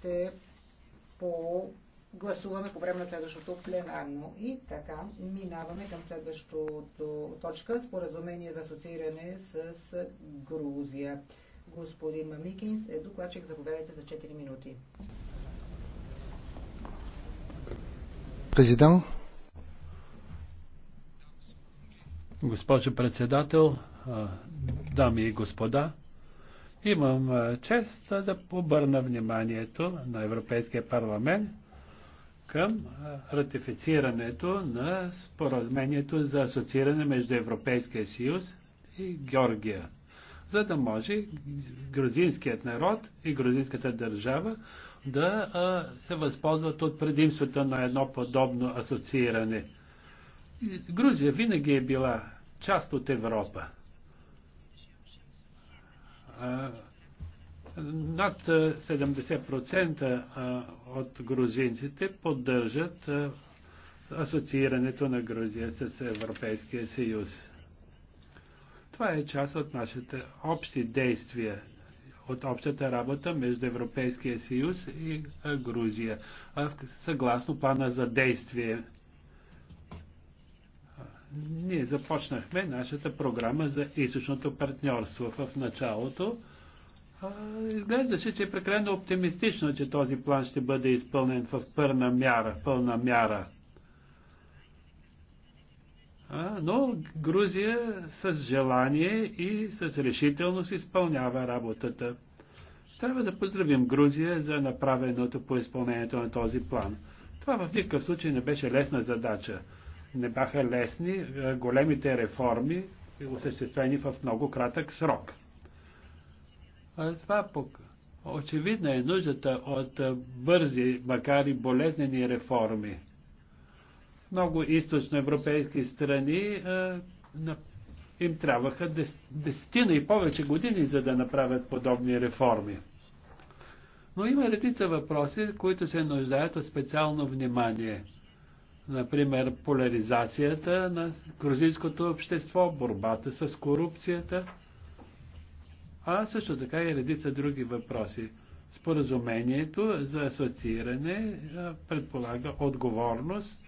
ще по гласуваме по време на следващото пленарно. И така, минаваме към следващото точка, споразумение за асоцииране с Грузия. Господин Мамикинс е докладчик, заповядайте за 4 минути. Президент. Госпожо председател, дами и господа, Имам чест да обърна вниманието на Европейския парламент към ратифицирането на споразумението за асоцииране между Европейския съюз и Георгия, за да може грузинският народ и грузинската държава да се възползват от предимството на едно подобно асоцииране. Грузия винаги е била част от Европа. Над 70% от грузинците поддържат асоциирането на Грузия с Европейския съюз. Това е част от нашите общи действия, от общата работа между Европейския съюз и Грузия, съгласно плана за действие ние започнахме нашата програма за източното партньорство в началото. А, изглеждаше, че е прекалено оптимистично, че този план ще бъде изпълнен в пълна мяра. Пълна мяра. А, но Грузия с желание и с решителност изпълнява работата. Трябва да поздравим Грузия за направеното по изпълнението на този план. Това в никакъв случай не беше лесна задача не бяха лесни. Е, големите реформи осъществени в много кратък срок. А това пък очевидна е нуждата от е, бързи, макар и болезнени реформи. Много източноевропейски страни е, им трябваха дес, десетина и повече години, за да направят подобни реформи. Но има редица въпроси, които се нуждаят от специално внимание – Например, поляризацията на грузинското общество, борбата с корупцията, а също така и редица други въпроси. Споразумението за асоцииране предполага отговорност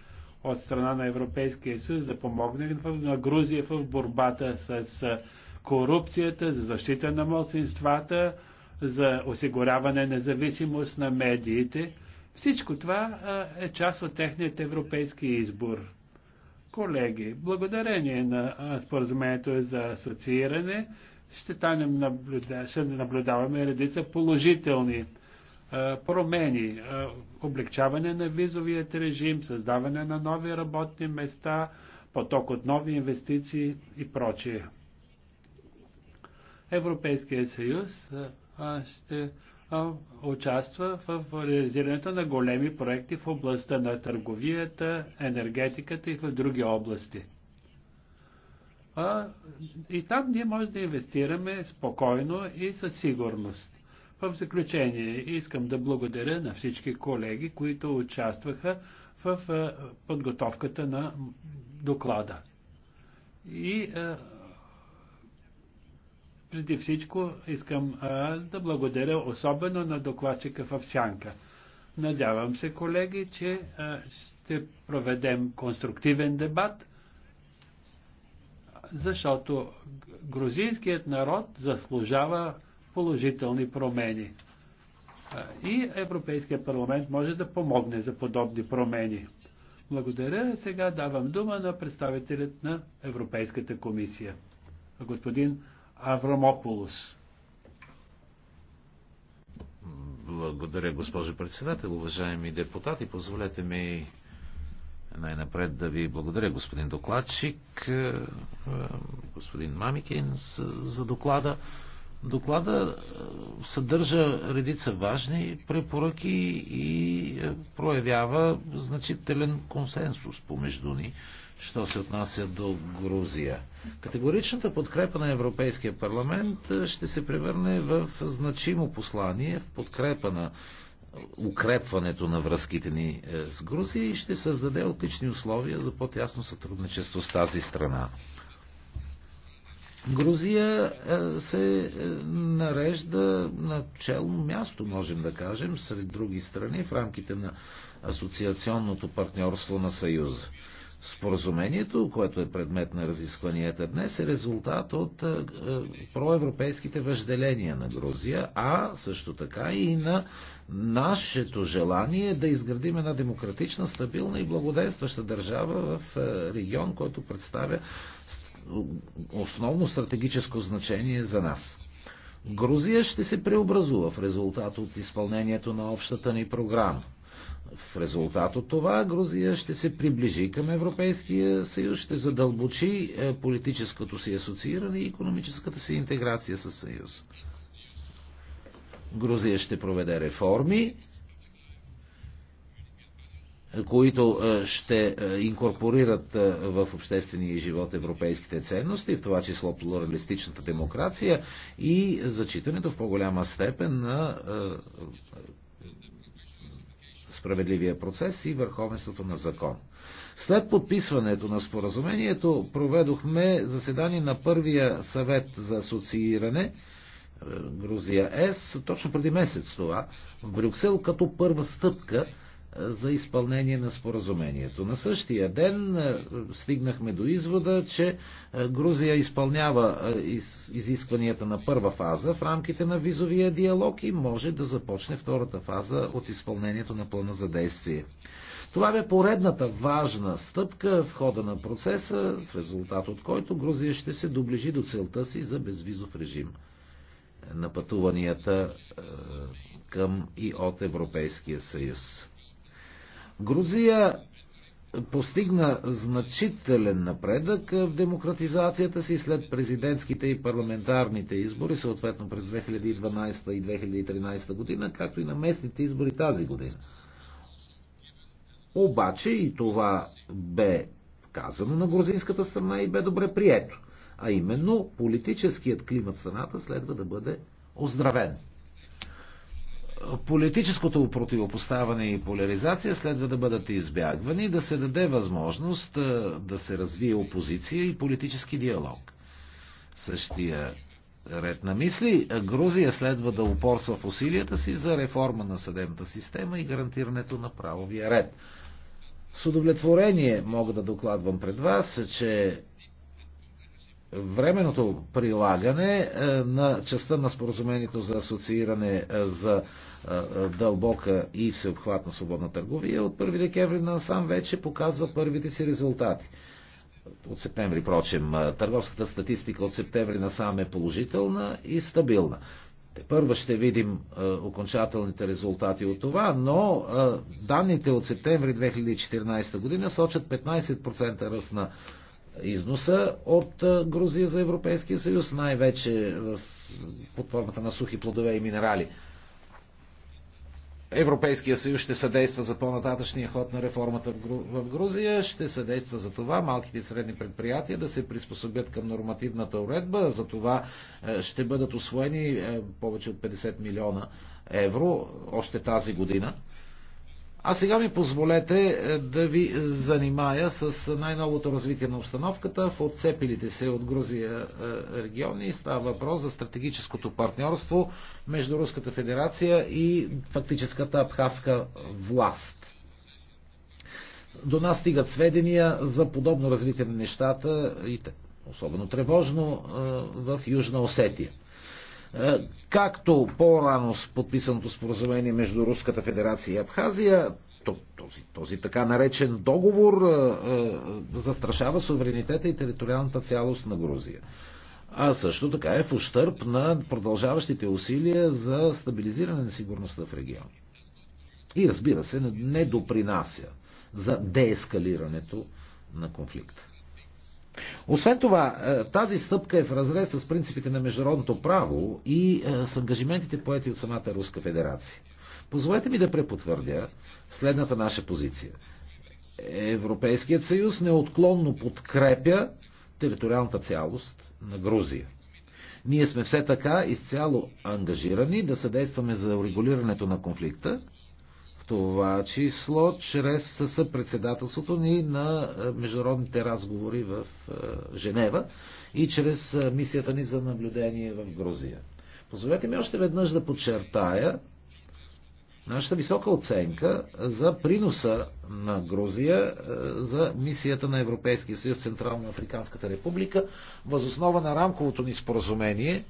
от страна на Европейския съюз да помогне на Грузия в борбата с корупцията, за защита на младсинствата, за осигуряване независимост на медиите. Всичко това е част от техният европейски избор. Колеги, благодарение на споразумението за асоцииране, ще, станем наблюда... ще наблюдаваме редица положителни промени, облегчаване на визовият режим, създаване на нови работни места, поток от нови инвестиции и прочие. Европейския съюз ще участва в реализирането на големи проекти в областта на търговията, енергетиката и в други области. А, и там ние може да инвестираме спокойно и със сигурност. В заключение искам да благодаря на всички колеги, които участваха в подготовката на доклада. И преди всичко искам а, да благодаря особено на докладчика в Сянка. Надявам се, колеги, че а, ще проведем конструктивен дебат, защото грузинският народ заслужава положителни промени. А, и Европейския парламент може да помогне за подобни промени. Благодаря. Сега давам дума на представителят на Европейската комисия. Господин Аврамополос. Благодаря, госпожо председател. Уважаеми депутати, позволете ми най-напред да ви благодаря, господин докладчик, е, господин Мамикин, за доклада. Доклада е, съдържа редица важни препоръки и е, проявява значителен консенсус помежду ни що се отнася до Грузия. Категоричната подкрепа на Европейския парламент е, ще се превърне в значимо послание в подкрепа на укрепването на връзките ни е, с Грузия и ще създаде отлични условия за по-тясно сътрудничество с тази страна. Грузия е, се нарежда на челно място, можем да кажем, сред други страни в рамките на асоциационното партньорство на Съюза. Споразумението, което е предмет на разискванията днес, е резултат от е, е, проевропейските въжделения на Грузия, а също така и на нашето желание да изградим една демократична, стабилна и благоденстваща държава в е, регион, който представя основно стратегическо значение за нас. Грузия ще се преобразува в резултат от изпълнението на общата ни програма в резултат от това Грузия ще се приближи към Европейския съюз, ще задълбочи е, политическото си асоцииране и економическата си интеграция с съюз. Грузия ще проведе реформи, които е, ще е, инкорпорират в обществения живот европейските ценности, в това число плуралистичната демокрация и зачитането в по-голяма степен на справедливия процес и върховенството на закон. След подписването на споразумението проведохме заседание на първия съвет за асоцииране е, Грузия С, точно преди месец това, в Брюксел, като първа стъпка за изпълнение на споразумението. На същия ден е, стигнахме до извода, че е, Грузия изпълнява е, изискванията на първа фаза в рамките на визовия диалог и може да започне втората фаза от изпълнението на плана за действие. Това бе поредната важна стъпка в хода на процеса, в резултат от който Грузия ще се доближи до целта си за безвизов режим на пътуванията към и от Европейския съюз. Грузия постигна значителен напредък в демократизацията си след президентските и парламентарните избори, съответно през 2012 и 2013 година, както и на местните избори тази година. Обаче и това бе казано на грузинската страна и бе добре прието. А именно политическият климат в страната следва да бъде оздравен политическото противопоставане и поляризация следва да бъдат избягвани, да се даде възможност да се развие опозиция и политически диалог. Същия ред на мисли, Грузия следва да упорства в усилията си за реформа на съдебната система и гарантирането на правовия ред. С удовлетворение мога да докладвам пред вас, че временното прилагане е, на частта на споразумението за асоцииране е, за е, дълбока и всеобхватна свободна търговия от 1 декември насам вече показва първите си резултати. От септември, прочем, търговската статистика от септември насам е положителна и стабилна. Те първо ще видим е, окончателните резултати от това, но е, данните от септември 2014 година сочат 15% ръст на износа от Грузия за Европейския съюз, най-вече в, под формата на сухи плодове и минерали. Европейския съюз ще съдейства за по-нататъчния ход на реформата в Грузия, ще съдейства за това малките и средни предприятия да се приспособят към нормативната уредба, за това е, ще бъдат освоени е, повече от 50 милиона евро още тази година. А сега ми позволете е, да ви занимая с най-новото развитие на обстановката в отцепилите се от Грузия е, региони. Става въпрос за стратегическото партньорство между Руската федерация и фактическата абхазска власт. До нас стигат сведения за подобно развитие на нещата, и особено тревожно, е, в Южна Осетия. Е, както по-рано с подписаното споразумение между Руската федерация и Абхазия, този, този така наречен договор е, е, застрашава суверенитета и териториалната цялост на Грузия а също така е в ущърп на продължаващите усилия за стабилизиране на сигурността в региона. И разбира се, не допринася за деескалирането на конфликта. Освен това, е, тази стъпка е в разрез с принципите на международното право и е, с ангажиментите поети от самата Руска федерация. Позволете ми да препотвърдя следната наша позиция. Европейският съюз неотклонно подкрепя териториалната цялост на Грузия. Ние сме все така изцяло ангажирани да съдействаме за урегулирането на конфликта това число чрез съпредседателството ни на е, международните разговори в е, Женева и чрез е, мисията ни за наблюдение в Грузия. Позволете ми още веднъж да подчертая нашата висока оценка за приноса на Грузия за мисията на Европейския съюз в Централно Африканската република, възоснова на рамковото ни споразумение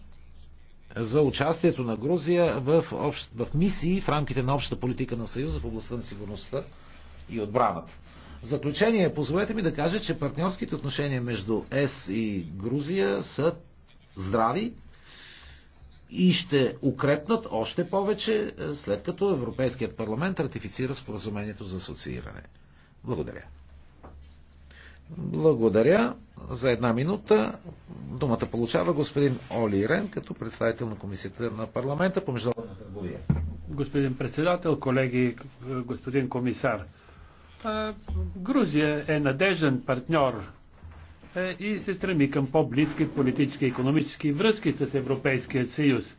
за участието на Грузия в, общ, в мисии в рамките на общата политика на Съюза в областта на сигурността и отбраната. В заключение, позволете ми да кажа, че партньорските отношения между ЕС и Грузия са здрави и ще укрепнат още повече, е, след като Европейският парламент ратифицира споразумението за асоцииране. Благодаря. Благодаря. За една минута думата получава господин Оли Рен като представител на Комисията на парламента по международна търговия. Господин председател, колеги, господин комисар. Грузия е надежен партньор е, и се стреми към по-близки политически и економически връзки с Европейския съюз.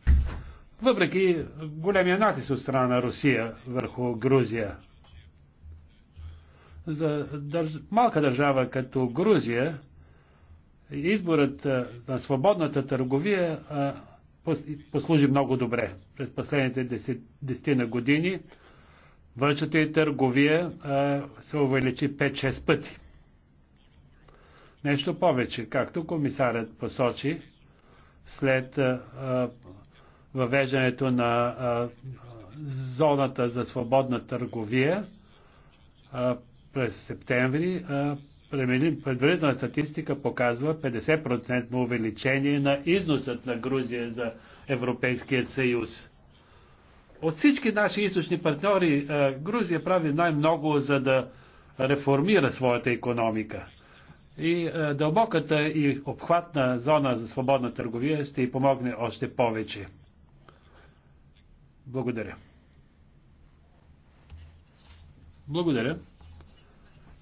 Въпреки големия натиск от страна на Русия върху Грузия. За държ... малка държава като Грузия, изборът на свободната търговия послужи много добре през последните 10, на години. Външната и търговия се увеличи 5-6 пъти. Нещо повече, както комисарят посочи, след въвеждането на зоната за свободна търговия, през септември предварителна статистика показва 50% увеличение на износът на Грузия за Европейския съюз. От всички наши източни партньори Грузия прави най-много за да реформира своята економика. И дълбоката и обхватна зона за свободна търговия ще й помогне още повече. Благодаря. Благодаря.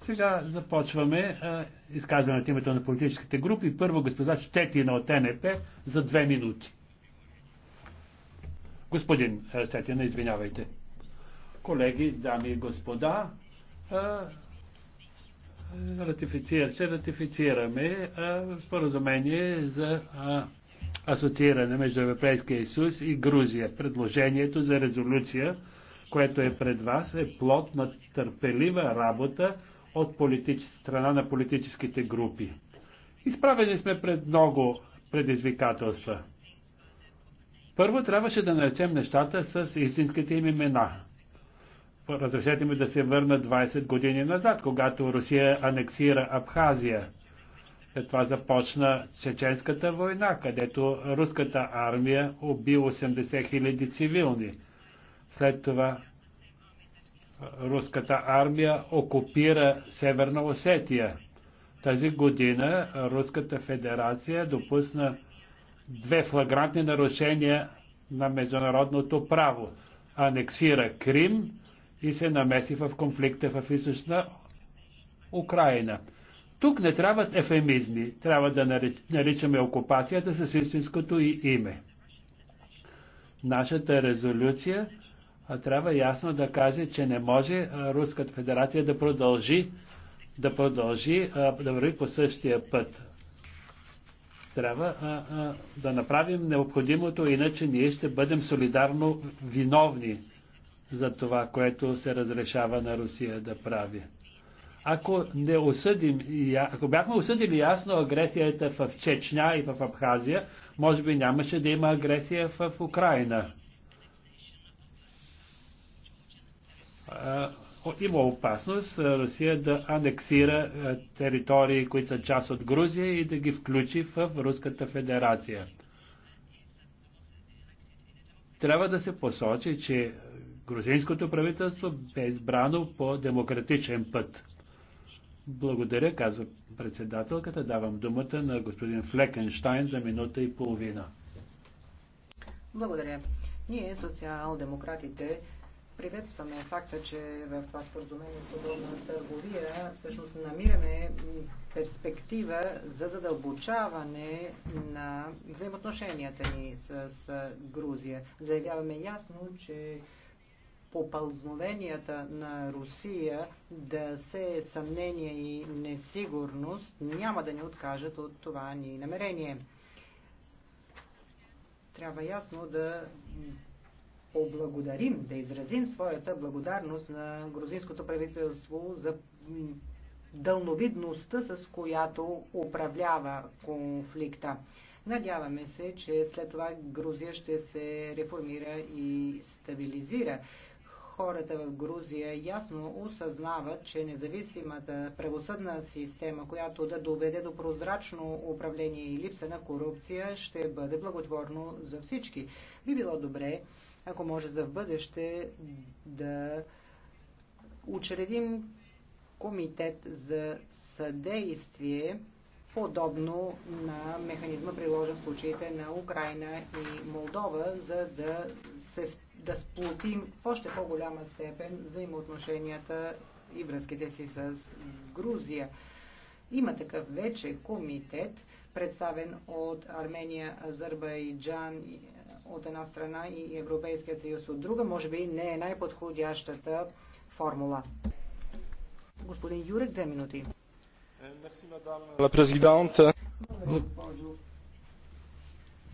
Сега започваме изказване от името на политическите групи. Първо госпожа Щетина от НП за две минути. Господин Щетина, извинявайте. Колеги, дами и господа, ратифицира ще ратифицираме споразумение за асоцииране между Европейския Исус и Грузия. Предложението за резолюция, което е пред вас, е плод на търпелива работа от политич... страна на политическите групи. Изправени сме пред много предизвикателства. Първо трябваше да наречем нещата с истинските им имена. Разрешете ми да се върна 20 години назад, когато Русия анексира Абхазия. След това започна Чеченската война, където руската армия уби 80 000 цивилни. След това руската армия окупира Северна Осетия. Тази година Руската федерация допусна две флагрантни нарушения на международното право. Анексира Крим и се намеси в конфликта в източна Украина. Тук не трябват ефемизми, трябва да наричаме окупацията с истинското и име. Нашата резолюция трябва ясно да каже, че не може Руската федерация да продължи да продължи да върви по същия път. Трябва а, а, да направим необходимото, иначе ние ще бъдем солидарно виновни за това, което се разрешава на Русия да прави. Ако не осъдим, ако бяхме осъдили ясно агресията в Чечня и в Абхазия, може би нямаше да има агресия в Украина. има опасност Русия да анексира територии, които са част от Грузия и да ги включи в Руската федерация. Трябва да се посочи, че грузинското правителство бе избрано по демократичен път. Благодаря, казва председателката. Давам думата на господин Флекенштайн за минута и половина. Благодаря. Ние, социал-демократите, Приветстваме факта, че в това споразумение свободна търговия всъщност намираме перспектива за задълбочаване на взаимоотношенията ни с Грузия. Заявяваме ясно, че попълзновенията на Русия да се съмнение и несигурност няма да ни откажат от това ни намерение. Трябва ясно да Облагодарим да изразим своята благодарност на грузинското правителство за дълновидността, с която управлява конфликта. Надяваме се, че след това Грузия ще се реформира и стабилизира. Хората в Грузия ясно осъзнават, че независимата правосъдна система, която да доведе до прозрачно управление и липса на корупция, ще бъде благотворно за всички. Би било добре ако може за в бъдеще да учредим комитет за съдействие, подобно на механизма приложен в случаите на Украина и Молдова, за да, се, да сплотим в още по-голяма степен взаимоотношенията и връзките си с Грузия. Има такъв вече комитет, представен от Армения, Азербайджан, от една страна и Европейският съюз от друга, може би не е най-подходящата формула. Господин Юрек, две минути.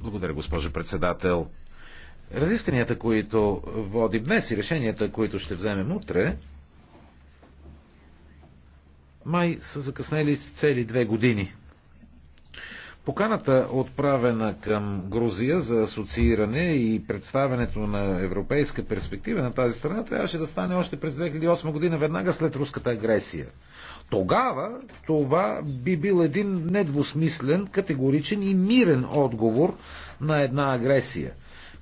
Благодаря, госпожо председател. Разискванията, които води днес и решенията, които ще вземем утре, май са закъснели с цели две години – Поканата, отправена към Грузия за асоцииране и представенето на европейска перспектива на тази страна, трябваше да стане още през 2008 година, веднага след руската агресия. Тогава това би бил един недвусмислен, категоричен и мирен отговор на една агресия.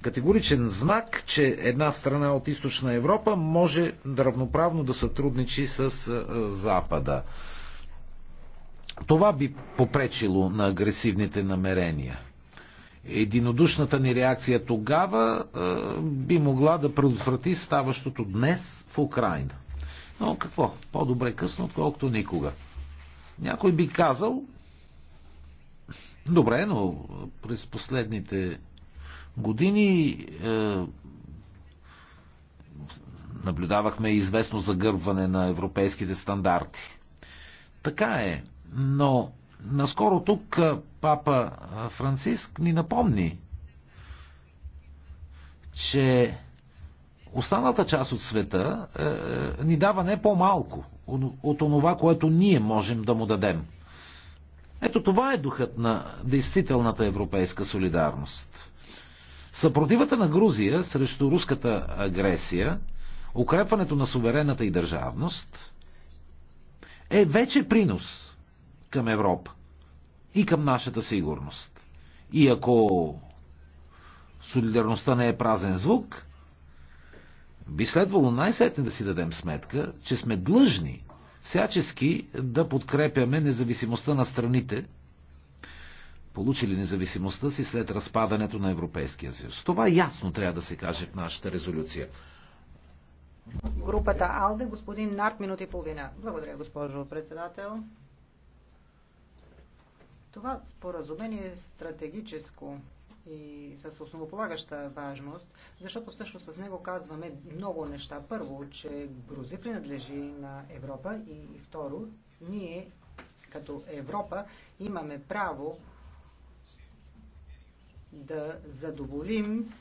Категоричен знак, че една страна от източна Европа може равноправно да сътрудничи с Запада. Това би попречило на агресивните намерения. Единодушната ни реакция тогава е, би могла да предотврати ставащото днес в Украина. Но какво? По-добре късно, отколкото никога. Някой би казал, добре, но през последните години е, наблюдавахме известно загърбване на европейските стандарти. Така е. Но наскоро тук папа Франциск ни напомни, че останалата част от света е, е, ни дава не по-малко от онова, което ние можем да му дадем. Ето това е духът на действителната европейска солидарност. Съпротивата на Грузия срещу руската агресия, укрепването на суверената и държавност, е вече принос към Европа и към нашата сигурност. И ако солидарността не е празен звук, би следвало най-сетне да си дадем сметка, че сме длъжни всячески да подкрепяме независимостта на страните, получили независимостта си след разпадането на Европейския съюз. Това ясно трябва да се каже в нашата резолюция. Групата АЛДЕ, господин Нарт, минути и половина. Благодаря, госпожо председател. Това споразумение е стратегическо и с основополагаща важност, защото всъщност с него казваме много неща. Първо, че Грузи принадлежи на Европа и второ, ние като Европа имаме право да задоволим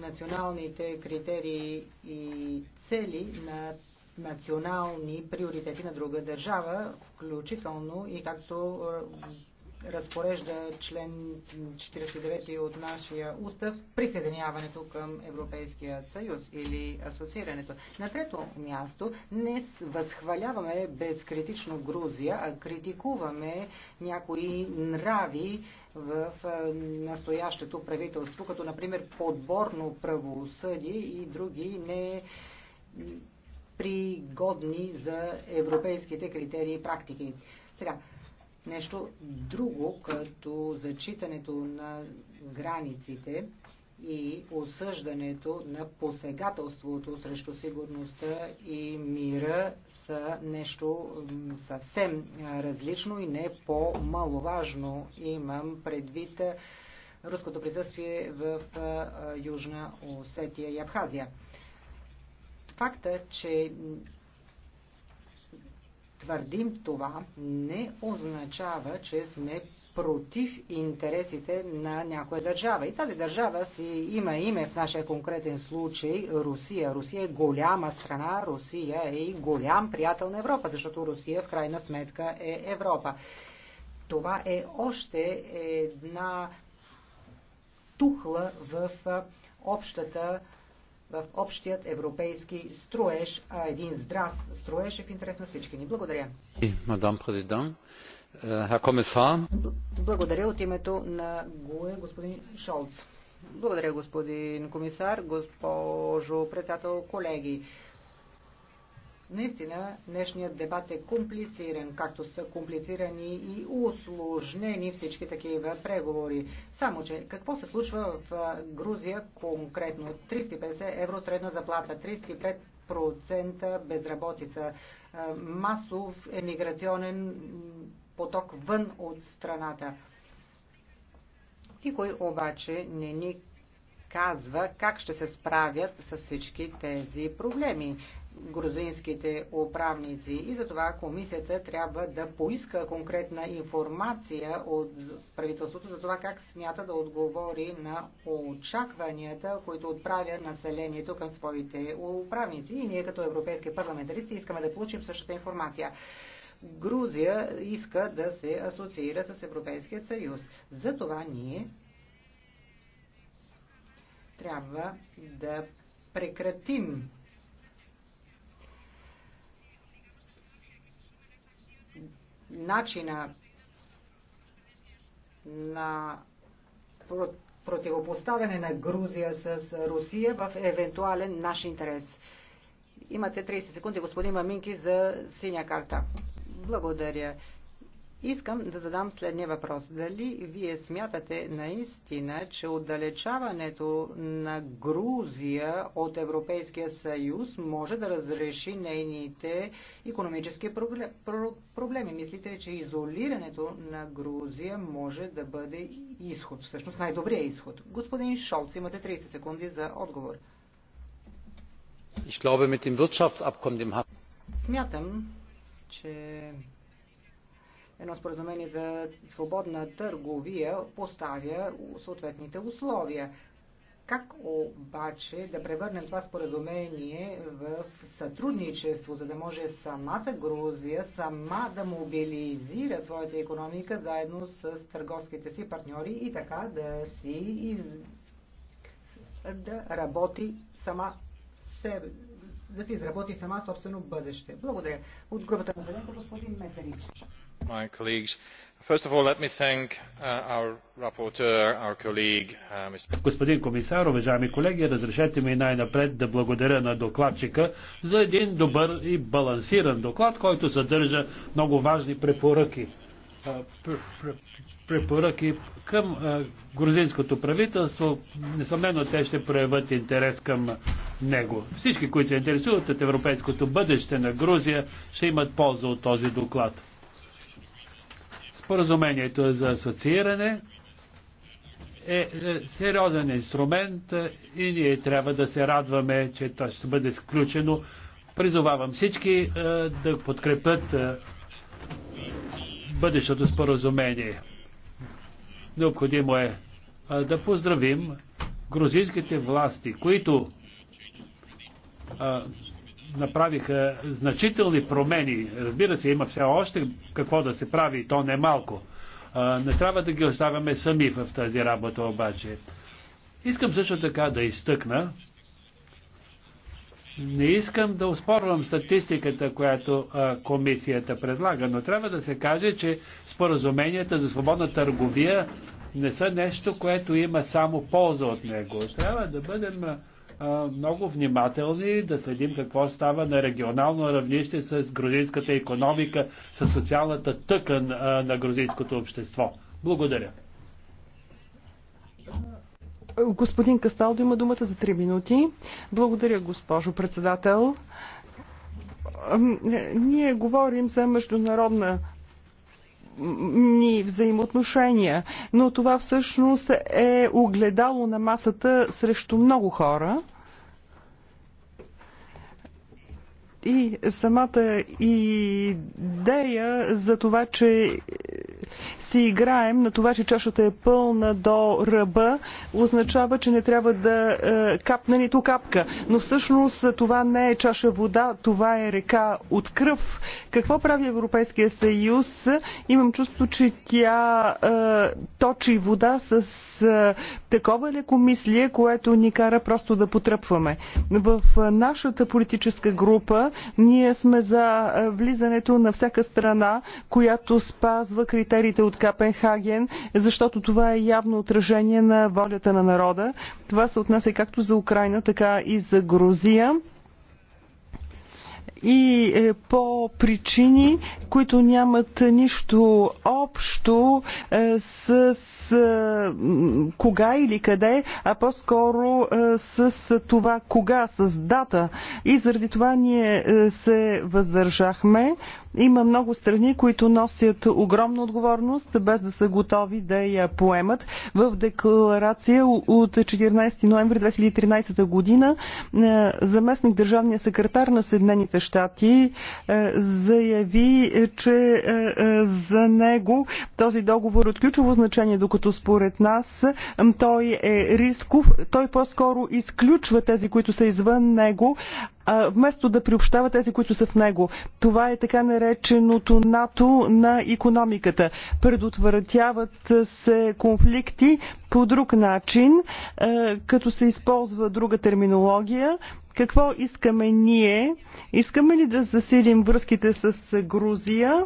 националните критерии и цели на национални приоритети на друга държава, включително и както разпорежда член 49 от нашия устав присъединяването към Европейския съюз или асоциирането. На трето място не възхваляваме безкритично Грузия, а критикуваме някои нрави в настоящето правителство, като например подборно правосъдие и други не пригодни за европейските критерии и практики. Сега, нещо друго, като зачитането на границите и осъждането на посегателството срещу сигурността и мира са нещо съвсем различно и не по-маловажно. Имам предвид руското присъствие в Южна Осетия и Абхазия. Факта, че твърдим това, не означава, че сме против интересите на някоя държава. И тази държава си има име в нашия конкретен случай Русия. Русия е голяма страна, Русия е и голям приятел на Европа, защото Русия в крайна сметка е Европа. Това е още една тухла в общата в общият европейски строеж, а един здрав строеж е в интерес на всички ни. Благодаря. Мадам президент, е, хер комисар. Благодаря от името на ГУЕ, господин Шолц. Благодаря, господин комисар, госпожо председател, колеги. Наистина, днешният дебат е комплициран, както са комплицирани и усложнени всички такива преговори. Само, че какво се случва в Грузия конкретно? 350 евро средна заплата, 35% безработица, масов емиграционен поток вън от страната. Никой обаче не ни казва как ще се справят с всички тези проблеми грузинските управници. И затова комисията трябва да поиска конкретна информация от правителството за това как смята да отговори на очакванията, които отправя населението към своите управници. И ние като европейски парламентаристи искаме да получим същата информация. Грузия иска да се асоциира с Европейския съюз. Затова ние трябва да прекратим начина на противопоставяне на Грузия с Русия в евентуален наш интерес. Имате 30 секунди, господин Маминки, за синя карта. Благодаря. Искам да задам следния въпрос. Дали вие смятате наистина, че отдалечаването на Грузия от Европейския съюз може да разреши нейните економически проблеми? Мислите ли, че изолирането на Грузия може да бъде изход, всъщност най-добрия изход? Господин Шолц, имате 30 секунди за отговор. Смятам, че едно споразумение за свободна търговия поставя съответните условия. Как обаче да превърнем това споразумение в сътрудничество, за да може самата Грузия сама да мобилизира своята економика заедно с търговските си партньори и така да си из... да работи сама себе, да си изработи сама собствено бъдеще. Благодаря. От групата на господин Метерич my colleagues. First of all, let me thank uh, our rapporteur, our colleague, uh, Mr. Господин комисар, уважаеми колеги, разрешете ми най-напред да благодаря на докладчика за един добър и балансиран доклад, който съдържа много важни препоръки препоръки към грузинското правителство. Несъмнено те ще проявят интерес към него. Всички, които се интересуват от европейското бъдеще на Грузия, ще имат полза от този доклад. Споразумението за асоцииране е, е сериозен инструмент и ние трябва да се радваме, че то ще бъде сключено. Призовавам всички е, да подкрепят е, бъдещото споразумение. Необходимо е да поздравим грузинските власти, които направиха значителни промени. Разбира се, има все още какво да се прави и то не малко. Не трябва да ги оставяме сами в тази работа обаче. Искам също така да изтъкна. Не искам да успорвам статистиката, която а, комисията предлага, но трябва да се каже, че споразуменията за свободна търговия не са нещо, което има само полза от него. Трябва да бъдем много внимателни да следим какво става на регионално равнище с грузинската економика, с социалната тъкан на грузинското общество. Благодаря. Господин Касталдо има думата за 3 минути. Благодаря, госпожо председател. Е, ние говорим за международна ни взаимоотношения. Но това всъщност е огледало на масата срещу много хора. И самата идея за това, че си играем на това, че чашата е пълна до ръба, означава, че не трябва да е, капне нито капка. Но всъщност това не е чаша вода, това е река от кръв. Какво прави Европейския съюз? Имам чувство, че тя е, точи вода с е, такова лекомислие, което ни кара просто да потръпваме. В нашата политическа група ние сме за е, влизането на всяка страна, която спазва критериите от Капенхаген, защото това е явно отражение на волята на народа. Това се отнася както за Украина, така и за Грузия и е, по причини, които нямат нищо общо е, с кога или къде, а по-скоро с това кога, с дата. И заради това ние се въздържахме. Има много страни, които носят огромна отговорност, без да са готови да я поемат. В декларация от 14 ноември 2013 година заместник държавния секретар на Съединените щати заяви, че за него този договор е от ключово значение, докато доколкото според нас той е рисков. Той по-скоро изключва тези, които са извън него, а, вместо да приобщава тези, които са в него. Това е така нареченото НАТО на економиката. Предотвратяват се конфликти по друг начин, а, като се използва друга терминология. Какво искаме ние? Искаме ли да засилим връзките с Грузия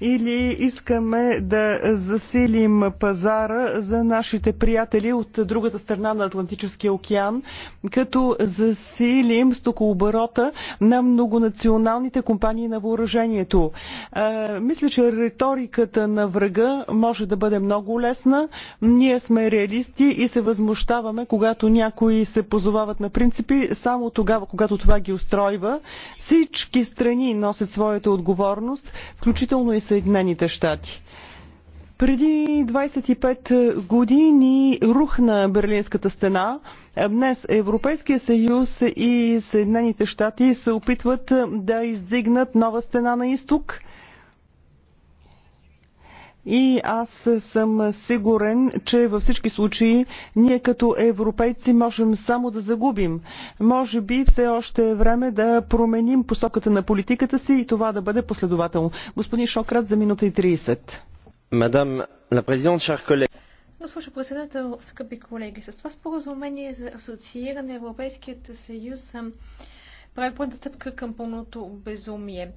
или искаме да засилим пазара за нашите приятели от другата страна на Атлантическия океан, като засилим стокооборот оборота на многонационалните компании на въоръжението. Е, мисля, че риториката на врага може да бъде много лесна. Ние сме реалисти и се възмущаваме, когато някои се позовават на принципи, само тогава, когато това ги устройва. Всички страни носят своята отговорност, включително и Съединените щати. Преди 25 години рухна Берлинската стена. Днес Европейския съюз и Съединените щати се опитват да издигнат нова стена на изток. И аз съм сигурен, че във всички случаи ние като европейци можем само да загубим. Може би все още е време да променим посоката на политиката си и това да бъде последователно. Господин Шократ за минута и 30. Мадам на президент, шар колеги. Госпожо председател, скъпи колеги, с това споразумение за асоцииране Европейският съюз прави пълната стъпка към пълното безумие.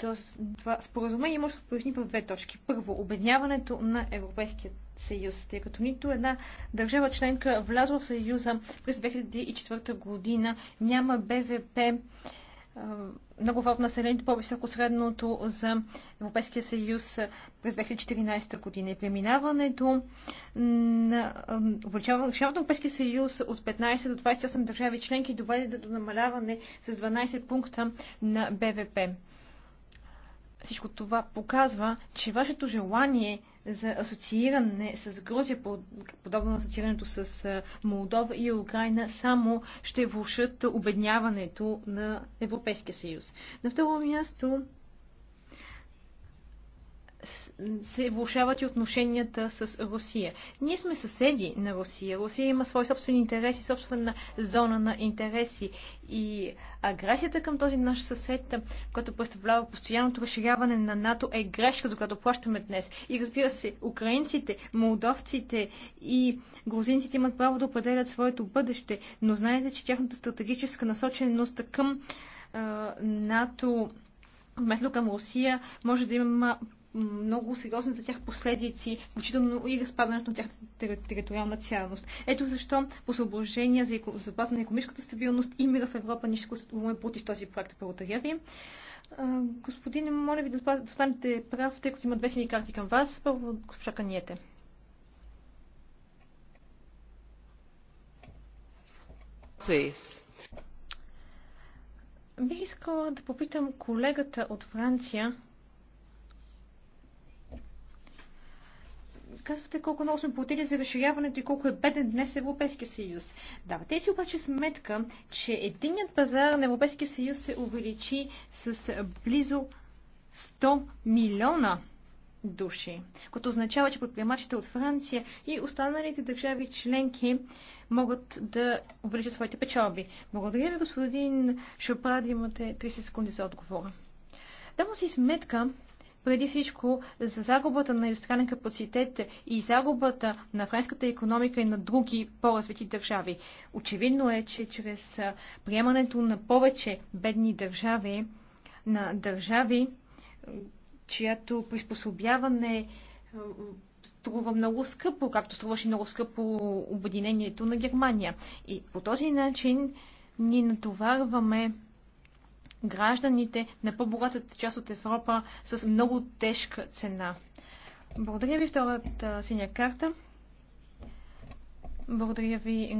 Тоест, това споразумение може да се поясни в две точки. Първо, обедняването на Европейския съюз, тъй като нито една държава членка влязла в съюза през 2004 година няма БВП много от населението по-високо средното за Европейския съюз през 2014 година. И преминаването на увеличаването на Европейския съюз от 15 до 28 държави членки доведе до намаляване с 12 пункта на БВП. Всичко това показва, че вашето желание за асоцииране с Грузия, подобно на асоциирането с Молдова и Украина, само ще влушат обедняването на Европейския съюз. На второ място се влушават и отношенията с Русия. Ние сме съседи на Русия. Русия има свои собствени интереси, собствена зона на интереси. И агресията към този наш съсед, който представлява постоянното разширяване на НАТО, е грешка, за която плащаме днес. И разбира се, украинците, молдовците и грузинците имат право да определят своето бъдеще, но знаете, че тяхната стратегическа насоченост към е, НАТО вместо към Русия може да има много сериозни за тях последици, включително и разпадането на тяхната териториална цялост. Ето защо по съображения за запазване на економическата стабилност и мира в Европа ни ще гласуваме против този проект. Благодаря ви. Господин, моля ви да останете прав, тъй като има две сини карти към вас. Първо, госпожа Каниете. Бих искала да попитам колегата от Франция Казвате колко много сме платили за разширяването и колко е беден днес Европейския съюз. Давате си обаче сметка, че единният пазар на Европейския съюз се увеличи с близо 100 милиона души, което означава, че предприемачите от Франция и останалите държави членки могат да увеличат своите печалби. Благодаря ви, господин Шопрад, имате 30 секунди за отговора. Давам си сметка, преди всичко за загубата на индустриален капацитет и загубата на френската економика и на други по-развити държави. Очевидно е, че чрез приемането на повече бедни държави, на държави, чиято приспособяване струва много скъпо, както струваше много скъпо обединението на Германия. И по този начин ни натоварваме гражданите на по-богатата част от Европа с много тежка цена. Благодаря ви втората синя карта. Благодаря ви,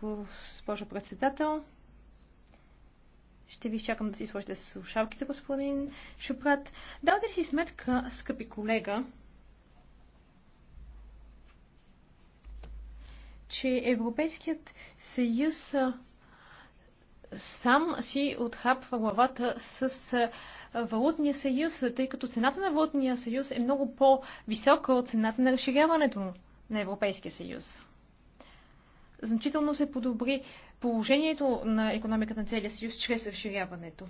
госпожо председател. Ще ви чакам да си сложите слушалките, господин Шупрат. Давате ли си сметка, скъпи колега, че Европейският съюз сам си отхапва главата с валутния съюз, тъй като цената на валутния съюз е много по-висока от цената на разширяването на Европейския съюз. Значително се подобри положението на економиката на целия съюз чрез разширяването.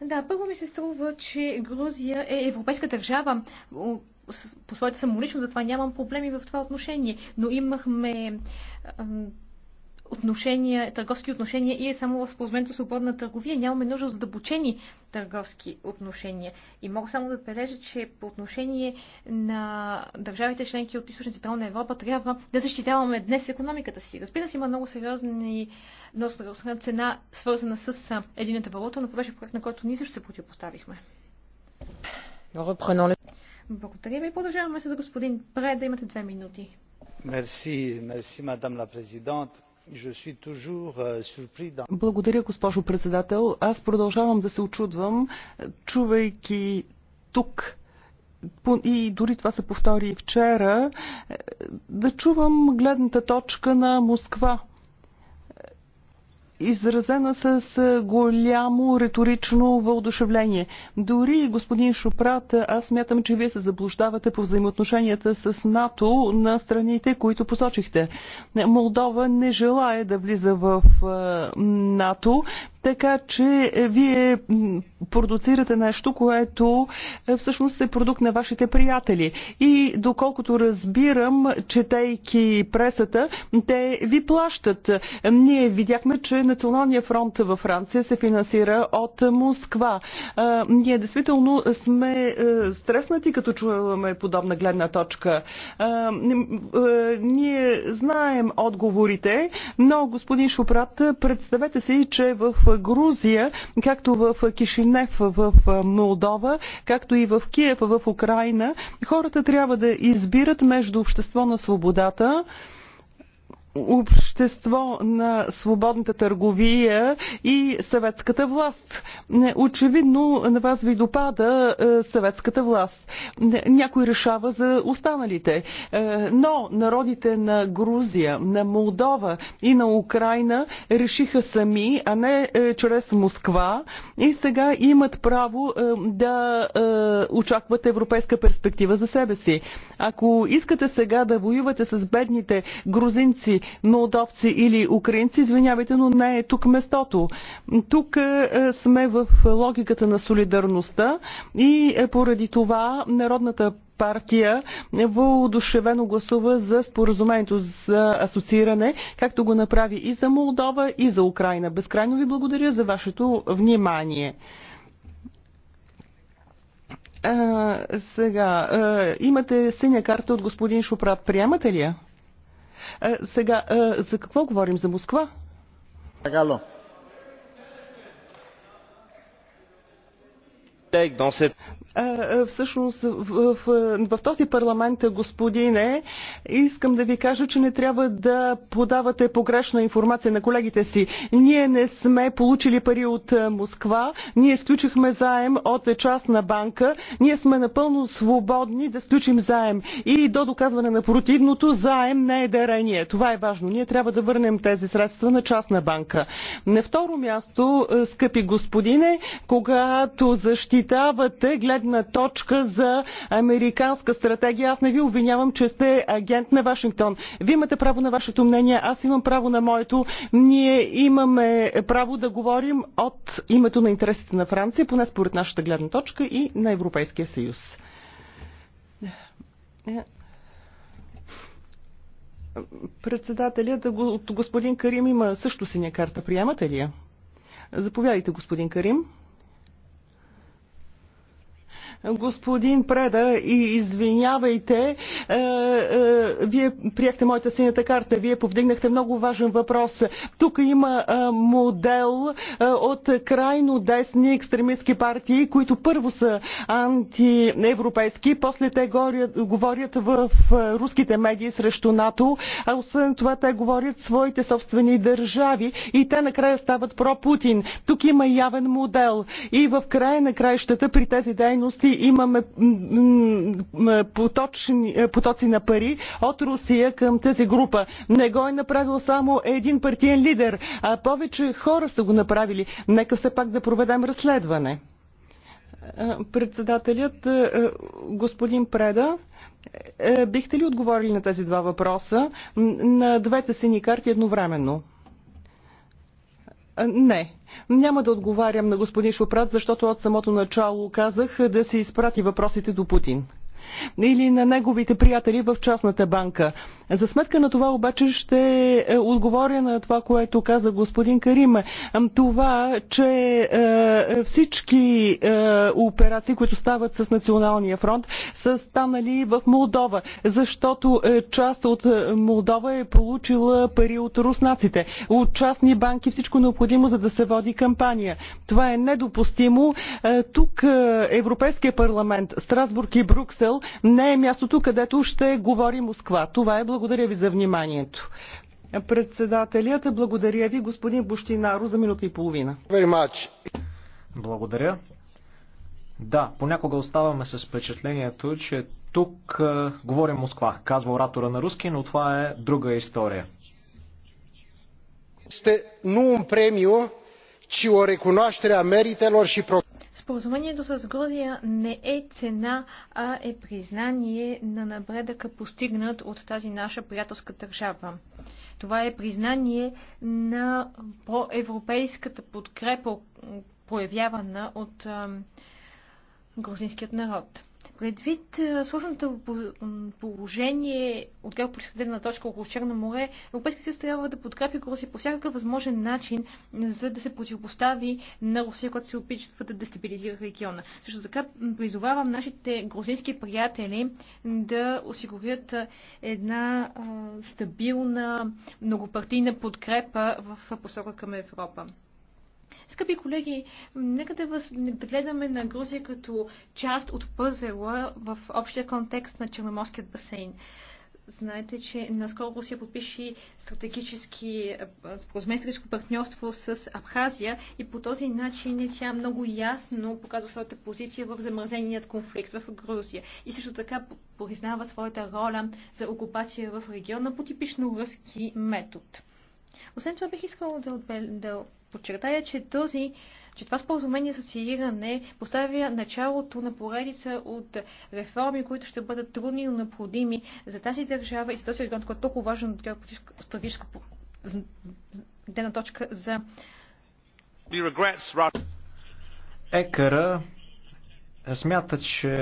Да, първо ми се струва, че Грузия е европейска държава по своята самоличност, затова нямам проблеми в това отношение. Но имахме отношения, търговски отношения и е само в споразумението свободна търговия. Нямаме нужда за дълбочени търговски отношения. И мога само да отбележа, че по отношение на държавите членки от Източна Централна Европа трябва да защитаваме днес економиката си. Разбира се, има много сериозни сериозна цена, свързана с едината валута, но това беше проект, на който ние също се противопоставихме. Благодаря ви. Продължаваме с господин да Имате две минути. Мерси, мерси, мадам ла президент. Euh, Благодаря, госпожо председател. Аз продължавам да се очудвам, чувайки тук и дори това се повтори вчера, е, да чувам гледната точка на Москва изразена с голямо риторично въодушевление. Дори, господин Шопрат, аз мятам, че вие се заблуждавате по взаимоотношенията с НАТО на страните, които посочихте. Молдова не желая да влиза в НАТО. Така че е, вие продуцирате нещо, което е, всъщност е продукт на вашите приятели. И доколкото разбирам, четейки пресата, те ви плащат. Ние видяхме, че Националния фронт във Франция се финансира от Москва. Ние действително сме е, стреснати, като чуваме подобна гледна точка. Ние знаем отговорите, но господин Шопрат, представете си, че в е Грузия, както в Кишинев в Молдова, както и в Киев в Украина, хората трябва да избират между общество на свободата, общество на свободната търговия и съветската власт. Очевидно на вас ви допада е, съветската власт. Някой решава за останалите. Е, но народите на Грузия, на Молдова и на Украина решиха сами, а не е, чрез Москва и сега имат право да очакват европейска перспектива за себе си. Ако искате сега да воювате с бедните грузинци, молдовци или украинци, извинявайте, но не е тук местото. Тук е, сме в логиката на солидарността и е, поради това Народната партия въодушевено гласува за споразумението за асоцииране, както го направи и за Молдова, и за Украина. Безкрайно ви благодаря за вашето внимание. А, сега, а, имате синя карта от господин Шопрат. Приемате ли я? Е, сега, е, за какво говорим? За Москва? Парагало. Всъщност в, в, в този парламент, господине, искам да ви кажа, че не трябва да подавате погрешна информация на колегите си. Ние не сме получили пари от Москва, ние изключихме заем от частна банка, ние сме напълно свободни да сключим заем. И до доказване на противното, заем не е дарение. Това е важно. Ние трябва да върнем тези средства на частна банка. На второ място, скъпи господине, когато защитавате, гледате гледна точка за американска стратегия. Аз не ви обвинявам, че сте агент на Вашингтон. Вие имате право на вашето мнение, аз имам право на моето. Ние имаме право да говорим от името на интересите на Франция, поне според нашата гледна точка и на Европейския съюз. от господин Карим има също синя карта. Приемате ли я? Заповядайте, господин Карим. Господин Преда, и извинявайте, е, е, вие приехте моята синята карта, вие повдигнахте много важен въпрос. Тук има е, модел е, от крайно десни екстремистски партии, които първо са антиевропейски, после те горят, говорят в е, руските медии срещу НАТО, а освен това те говорят своите собствени държави и те накрая стават про-Путин. Тук има явен модел и в края на краищата при тези дейности имаме поточни, е, потоци на пари от Русия към тази група. Не го е направил само един партиен лидер, а повече хора са го направили. Нека все пак да проведем разследване. Е, председателят е, господин Преда, бихте ли отговорили на тези два въпроса на двете сини карти едновременно? Не. Няма да отговарям на господин Шопрат, защото от самото начало казах да се изпрати въпросите до Путин или на неговите приятели в частната банка. За сметка на това обаче ще е, отговоря на това, което каза господин Карим. Това, че е, всички е, операции, които стават с Националния фронт, са станали в Молдова, защото част от Молдова е получила пари от руснаците, от частни банки, всичко необходимо, за да се води кампания. Това е недопустимо. Тук Европейския парламент, Страсбург и Брюксел не е мястото, където ще говори Москва. Това е. Благодаря ви за вниманието. Председателят, благодаря ви, господин Бощинаро, за минута и половина. Благодаря. Да, понякога оставаме с впечатлението, че тук е, говорим Москва, казва оратора на руски, но това е друга история. Сте nu премио, premiu, ci o recunoaștere și Споразумението с Грузия не е цена, а е признание на напредъка постигнат от тази наша приятелска държава. Това е признание на проевропейската подкрепа, проявявана от а, грузинският народ. Предвид е, сложното положение от как гледна точка около Черно море, Европейския съюз трябва да подкрепи Русия по всякакъв възможен начин, за да се противопостави на Русия, която се опитва да дестабилизира региона. Също така призовавам нашите грузински приятели да осигурят е, една стабилна многопартийна подкрепа в посока към Европа. Скъпи колеги, нека да гледаме на Грузия като част от пъзела в общия контекст на Черноморският басейн. Знаете, че наскоро Русия подпиши стратегически споразумение партньорство с Абхазия и по този начин тя много ясно показва своята позиция в замразеният конфликт в Грузия. И също така признава своята роля за окупация в региона по типично ръски метод. Освен това бих искала да, отбел... да подчертая, че този че това споразумение асоцииране поставя началото на поредица от реформи, които ще бъдат трудни, но необходими за тази държава и за този регион, който е толкова важен от стратегическа гледна точка за. Екара смята, че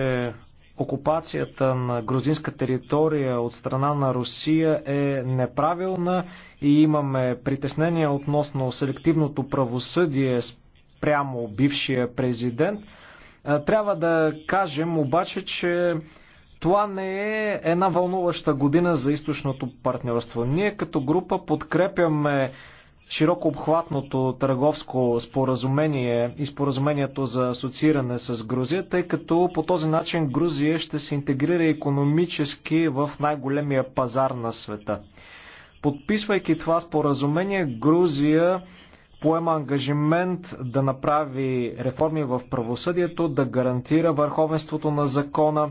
окупацията на грузинска територия от страна на Русия е неправилна и имаме притеснения относно селективното правосъдие прямо бившия президент. Трябва да кажем обаче, че това не е една вълнуваща година за източното партньорство. Ние като група подкрепяме широко обхватното търговско споразумение и споразумението за асоцииране с Грузия, тъй като по този начин Грузия ще се интегрира економически в най-големия пазар на света. Подписвайки това споразумение, Грузия поема ангажимент да направи реформи в правосъдието, да гарантира върховенството на закона,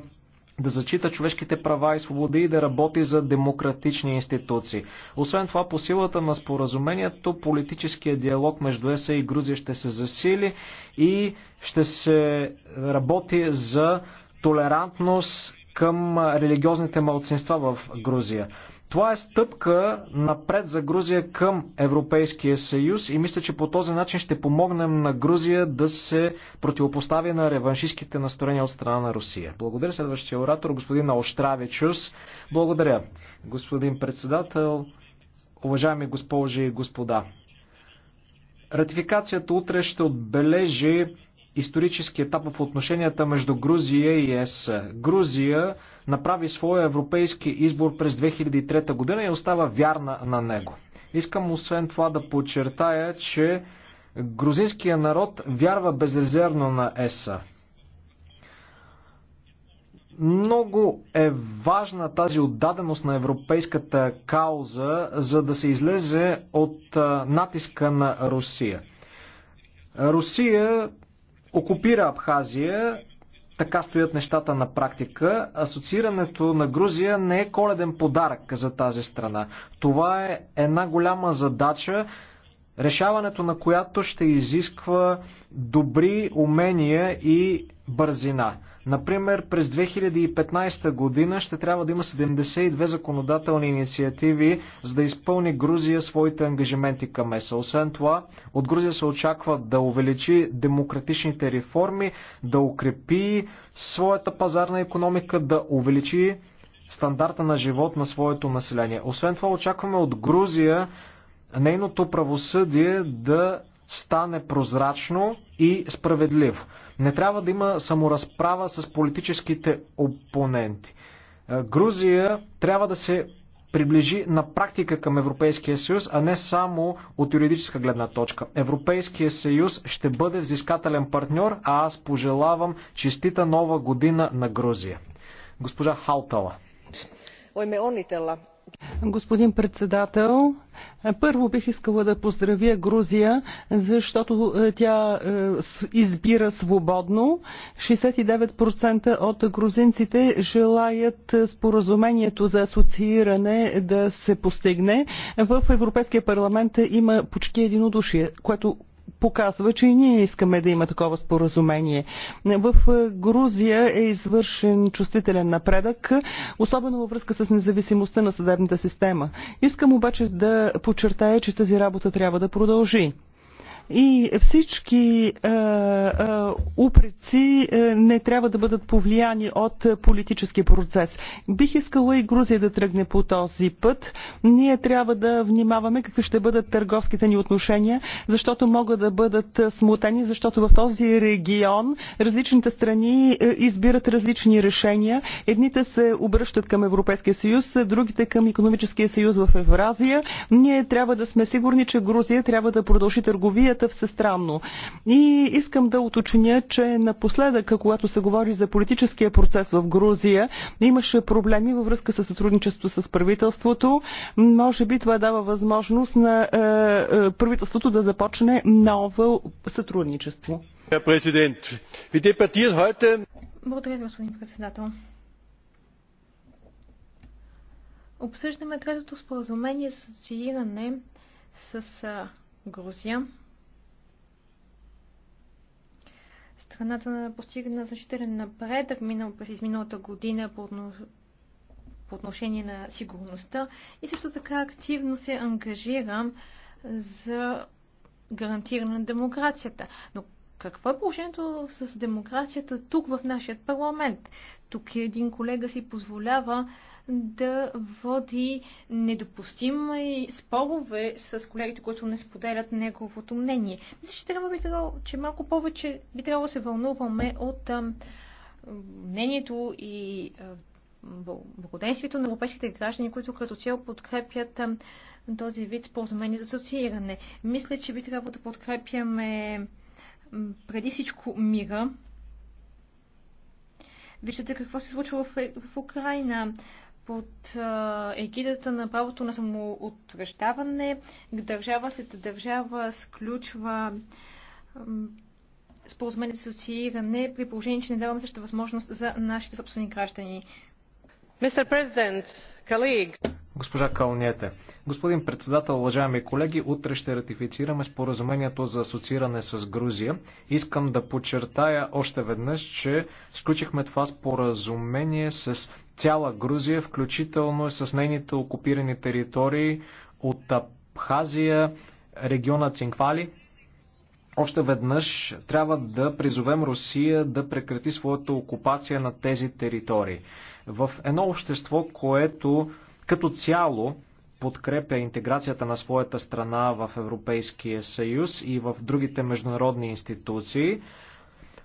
да зачита човешките права и свободи и да работи за демократични институции. Освен това, по силата на споразумението, политическия диалог между ЕСА и Грузия ще се засили и ще се работи за толерантност към религиозните малцинства в Грузия. Това е стъпка напред за Грузия към Европейския съюз и мисля, че по този начин ще помогнем на Грузия да се противопостави на реваншистските настроения от страна на Русия. Благодаря следващия оратор, господин Оштравичус. Благодаря, господин председател, уважаеми госпожи и господа. Ратификацията утре ще отбележи исторически етап в отношенията между Грузия и ЕС. Грузия направи своя европейски избор през 2003 година и остава вярна на него. Искам освен това да подчертая, че грузинския народ вярва безрезервно на ЕСА. Много е важна тази отдаденост на европейската кауза, за да се излезе от натиска на Русия. Русия окупира Абхазия, така стоят нещата на практика. Асоциирането на Грузия не е коледен подарък за тази страна. Това е една голяма задача, решаването на която ще изисква добри умения и бързина. Например, през 2015 година ще трябва да има 72 законодателни инициативи, за да изпълни Грузия своите ангажименти към ЕСА. Освен това, от Грузия се очаква да увеличи демократичните реформи, да укрепи своята пазарна економика, да увеличи стандарта на живот на своето население. Освен това, очакваме от Грузия нейното правосъдие да стане прозрачно и справедливо. Не трябва да има саморазправа с политическите опоненти. Е, Грузия трябва да се приближи на практика към Европейския съюз, а не само от юридическа гледна точка. Европейския съюз ще бъде взискателен партньор, а аз пожелавам честита нова година на Грузия. Госпожа Халтала. Voimme onnitella Господин председател, първо бих искала да поздравя Грузия, защото е, тя е, избира свободно. 69% от грузинците желаят е, споразумението за асоцииране да се постигне. В Европейския парламент има почти единодушие, което показва, че и ние искаме да има такова споразумение. В е, Грузия е извършен чувствителен напредък, особено във връзка с независимостта на съдебната система. Искам обаче да подчертая, че тази работа трябва да продължи и всички е, е, упреци е, не трябва да бъдат повлияни от политически процес. Бих искала и Грузия да тръгне по този път. Ние трябва да внимаваме какви ще бъдат търговските ни отношения, защото могат да бъдат смутени, защото в този регион различните страни е, избират различни решения. Едните се обръщат към Европейския съюз, другите към Економическия съюз в Евразия. Ние трябва да сме сигурни, че Грузия трябва да продължи търговията политиката всестранно. И искам да уточня, че напоследък, когато се говори за политическия процес в Грузия, имаше проблеми във връзка с сътрудничество с правителството. Може би това дава възможност на е, е, правителството да започне ново сътрудничество. Благодаря, господин председател. Обсъждаме третото споразумение за асоцииране с е, Грузия. Страната на постигна значителен напредък минал през изминалата година по, отно... по отношение на сигурността и също така активно се ангажира за гарантиране на демокрацията. Но какво е положението с демокрацията тук в нашия парламент? Тук един колега си позволява да води недопустими спорове с колегите, които не споделят неговото мнение. Мисля, че, трябва, би трябвало, че малко повече би трябвало да се вълнуваме от а, мнението и а, на европейските граждани, които като цяло подкрепят а, този вид споразумение за асоцииране. Мисля, че би трябвало да подкрепяме преди всичко мира. Виждате какво се случва в, в Украина под егидата на правото на самоотвръщаване. Държава след държава сключва споразумение за асоцииране, при положение, че не даваме същата възможност за нашите собствени граждани. Mr. President, colleagues, Госпожа Калнете. Господин председател, уважаеми колеги, утре ще ратифицираме споразумението за асоцииране с Грузия. Искам да подчертая още веднъж, че сключихме това споразумение с цяла Грузия, включително и с нейните окупирани територии от Абхазия, региона Цинквали. Още веднъж трябва да призовем Русия да прекрати своята окупация на тези територии. В едно общество, което като цяло подкрепя интеграцията на своята страна в Европейския съюз и в другите международни институции.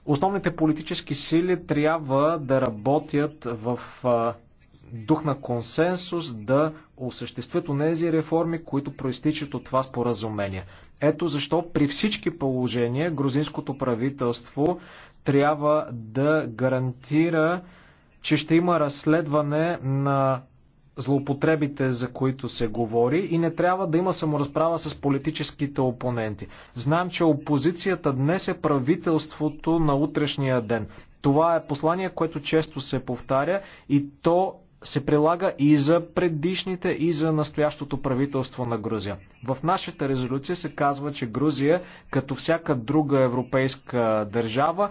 Основните политически сили трябва да работят в дух на консенсус да осъществят онези реформи, които проистичат от това споразумение. Ето защо при всички положения грузинското правителство трябва да гарантира, че ще има разследване на злоупотребите, за които се говори и не трябва да има саморазправа с политическите опоненти. Знам, че опозицията днес е правителството на утрешния ден. Това е послание, което често се повтаря и то се прилага и за предишните, и за настоящото правителство на Грузия. В нашата резолюция се казва, че Грузия, като всяка друга европейска държава,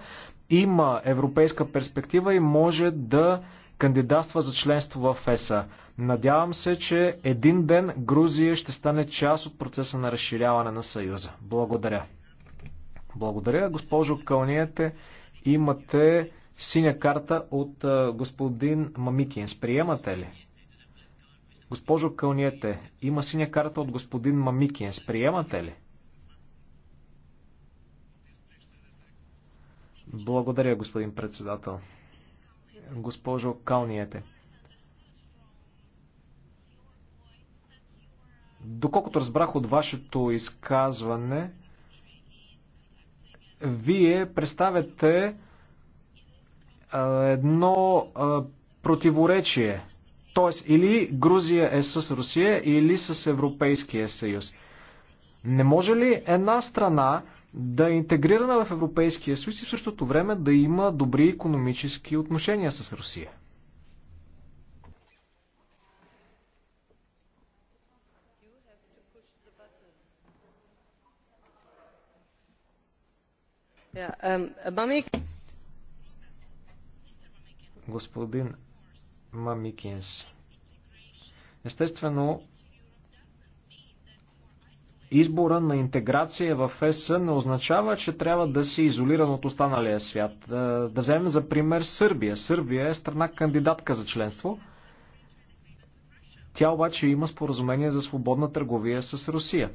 има европейска перспектива и може да кандидатства за членство в ЕСА. Надявам се, че един ден Грузия ще стане част от процеса на разширяване на Съюза. Благодаря. Благодаря, госпожо Кълниете. Имате синя карта от господин Мамикинс. Приемате ли? Госпожо Кълниете, има синя карта от господин Мамикинс. Приемате ли? Благодаря, господин председател. Госпожо Калниете. Доколкото разбрах от вашето изказване, вие представяте едно противоречие. Тоест, или Грузия е с Русия, или с Европейския съюз. Не може ли една страна да е интегрирана в Европейския съюз и в същото време да има добри економически отношения с Русия? Um, Господин Мамикинс, естествено, избора на интеграция в ЕС не означава, че трябва да си изолиран от останалия свят. Да вземем за пример Сърбия. Сърбия е страна кандидатка за членство. Тя обаче има споразумение за свободна търговия с Русия.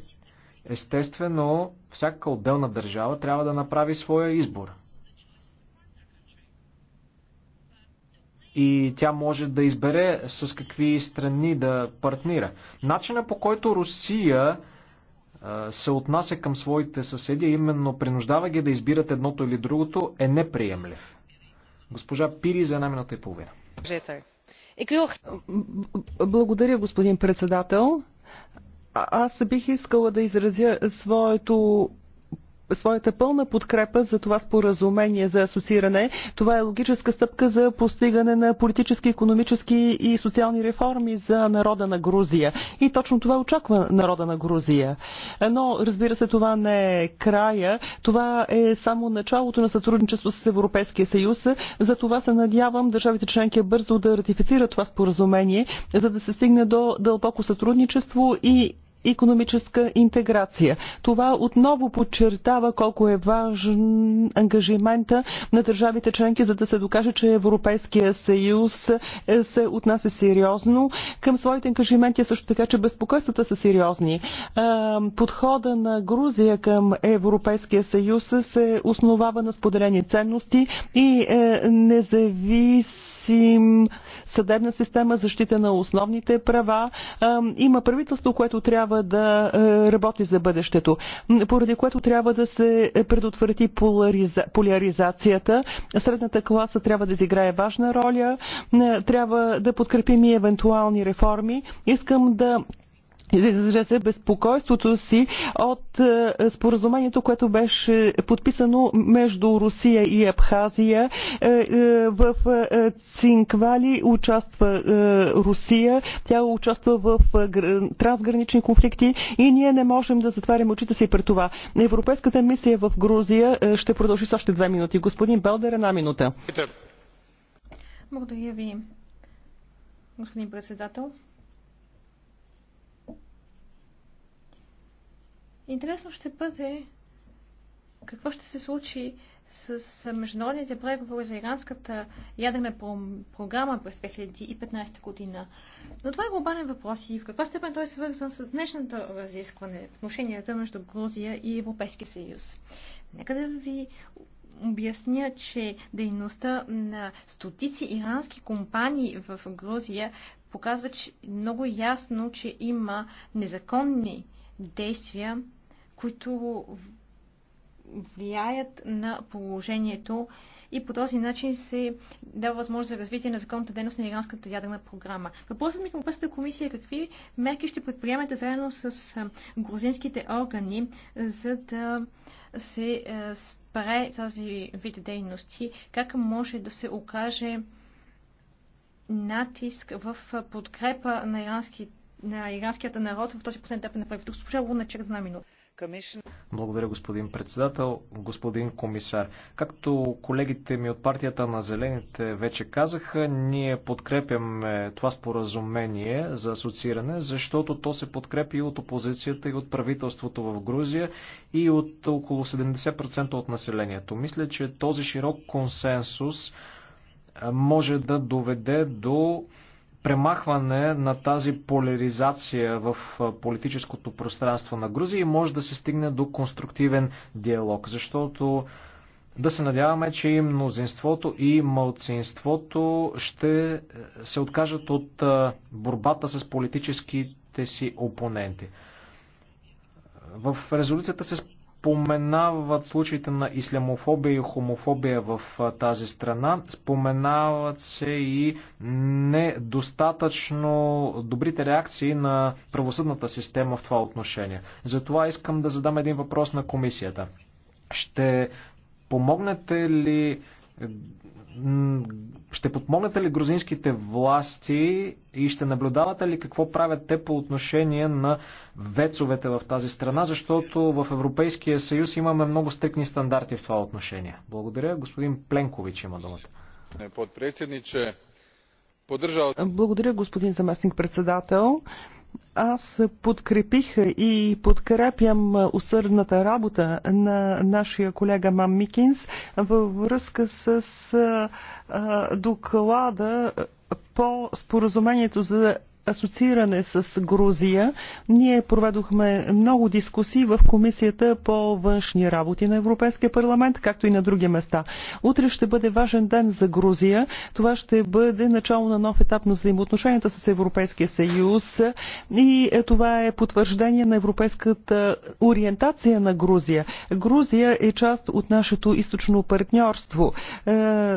Естествено, всяка отделна държава трябва да направи своя избор. И тя може да избере с какви страни да партнира. Начина по който Русия се отнася към своите съседи, е именно принуждава ги да избират едното или другото, е неприемлив. Госпожа Пири за една минута и половина. Благодаря, господин председател аз бих искала да изразя своето своята пълна подкрепа за това споразумение за асоцииране. Това е логическа стъпка за постигане на политически, економически и социални реформи за народа на Грузия. И точно това очаква народа на Грузия. Но, разбира се, това не е края. Това е само началото на сътрудничество с Европейския съюз. За това се надявам държавите членки бързо да ратифицират това споразумение, за да се стигне до дълбоко сътрудничество и економическа интеграция. Това отново подчертава колко е важен ангажимента на държавите членки, за да се докаже, че Европейския съюз е, се отнася сериозно към своите ангажименти, също така, че безпокойствата са сериозни. Е, подхода на Грузия към Европейския съюз се основава на споделени ценности и е, независим съдебна система, защита на основните права. Има правителство, което трябва да е, работи за бъдещето, поради което трябва да се предотврати поляриза... поляризацията. Средната класа трябва да изиграе важна роля, трябва да подкрепим и евентуални реформи. Искам да изразя безпокойството си от е, споразумението, което беше подписано между Русия и Абхазия. Е, е, в Цинквали участва Русия. Тя участва в трансгранични конфликти и ние не можем да затваряме очите си пред това. Европейската мисия в Грузия ще продължи с още две минути. Господин Белдер, една минута. Благодаря ви, господин председател. Интересно ще бъде какво ще се случи с международните преговори за иранската ядрена програма през 2015 година. Но това е глобален въпрос и в каква степен той е свързан с днешното разискване в отношенията между Грузия и Европейския съюз. Нека да ви обясня, че дейността на стотици ирански компании в Грузия показва че много ясно, че има незаконни действия които влияят на положението и по този начин се дава възможност за развитие на законната дейност на иранската ядрена програма. Въпросът ми към Пъстата е, комисия е какви мерки ще предприемете заедно с грузинските органи, за да се спре тази вид дейности, как може да се окаже натиск в подкрепа на, ирански, на иранският народ в този последен етап на правителството. Госпожа Луначек за една минута. Благодаря, господин председател, господин комисар. Както колегите ми от партията на Зелените вече казаха, ние подкрепяме това споразумение за асоцииране, защото то се подкрепи и от опозицията, и от правителството в Грузия, и от около 70% от населението. Мисля, че този широк консенсус може да доведе до премахване на тази поляризация в политическото пространство на Грузия и може да се стигне до конструктивен диалог, защото да се надяваме, че и мнозинството и мълцинството ще е, се откажат от борбата с политическите си опоненти. В резолюцията се споменават случаите на ислямофобия и хомофобия в тази страна. Споменават се и недостатъчно добрите реакции на правосъдната система в това отношение. Затова искам да задам един въпрос на комисията. Ще помогнете ли ще подмогнете ли грузинските власти и ще наблюдавате ли какво правят те по отношение на вецовете в тази страна, защото в Европейския съюз имаме много стрикни стандарти в това отношение? Благодаря. Господин Пленкович има думата. Благодаря, господин заместник председател. Аз подкрепих и подкрепям усърдната работа на нашия колега Мам Микинс във връзка с доклада по споразумението за асоцииране с Грузия. Ние проведохме много дискусии в Комисията по външни работи на Европейския парламент, както и на други места. Утре ще бъде важен ден за Грузия. Това ще бъде начало на нов етап на взаимоотношенията с Европейския съюз и е, това е потвърждение на европейската ориентация на Грузия. Грузия е част от нашето източно партньорство е,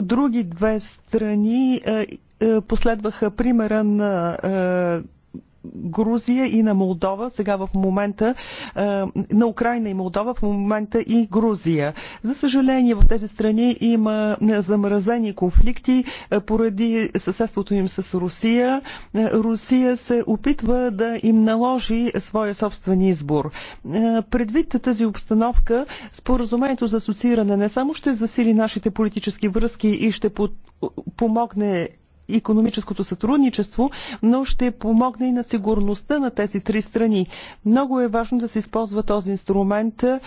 други две страни е, е, последваха примера на е, Грузия и на Молдова, сега в момента е, на Украина и Молдова, в момента и Грузия. За съжаление, в тези страни има замразени конфликти поради съседството им с Русия. Русия се опитва да им наложи своя собствен избор. Предвид тази обстановка, споразумението за асоцииране не само ще засили нашите политически връзки и ще под помогне економическото сътрудничество, но ще помогне и на сигурността на тези три страни. Много е важно да се използва този инструмент, е,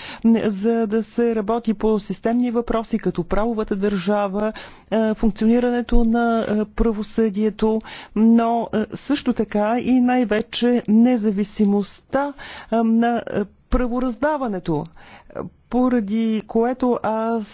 за да се работи по системни въпроси, като правовата държава, е, функционирането на е, правосъдието, но също така и най-вече независимостта на правораздаването, поради което аз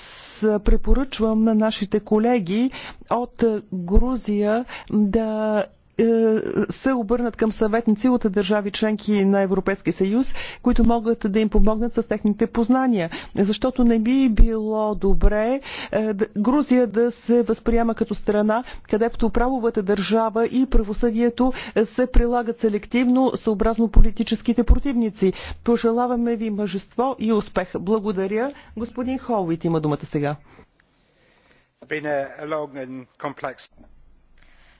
препоръчвам на нашите колеги от Грузия да е, се обърнат към съветници от държави членки на Европейския съюз, които могат да им помогнат с техните познания. Защото не би било добре е, Грузия да се възприема като страна, където правовата държава и правосъдието се прилагат селективно съобразно политическите противници. Пожелаваме ви мъжество и успех. Благодаря. Господин Холвит има думата сега.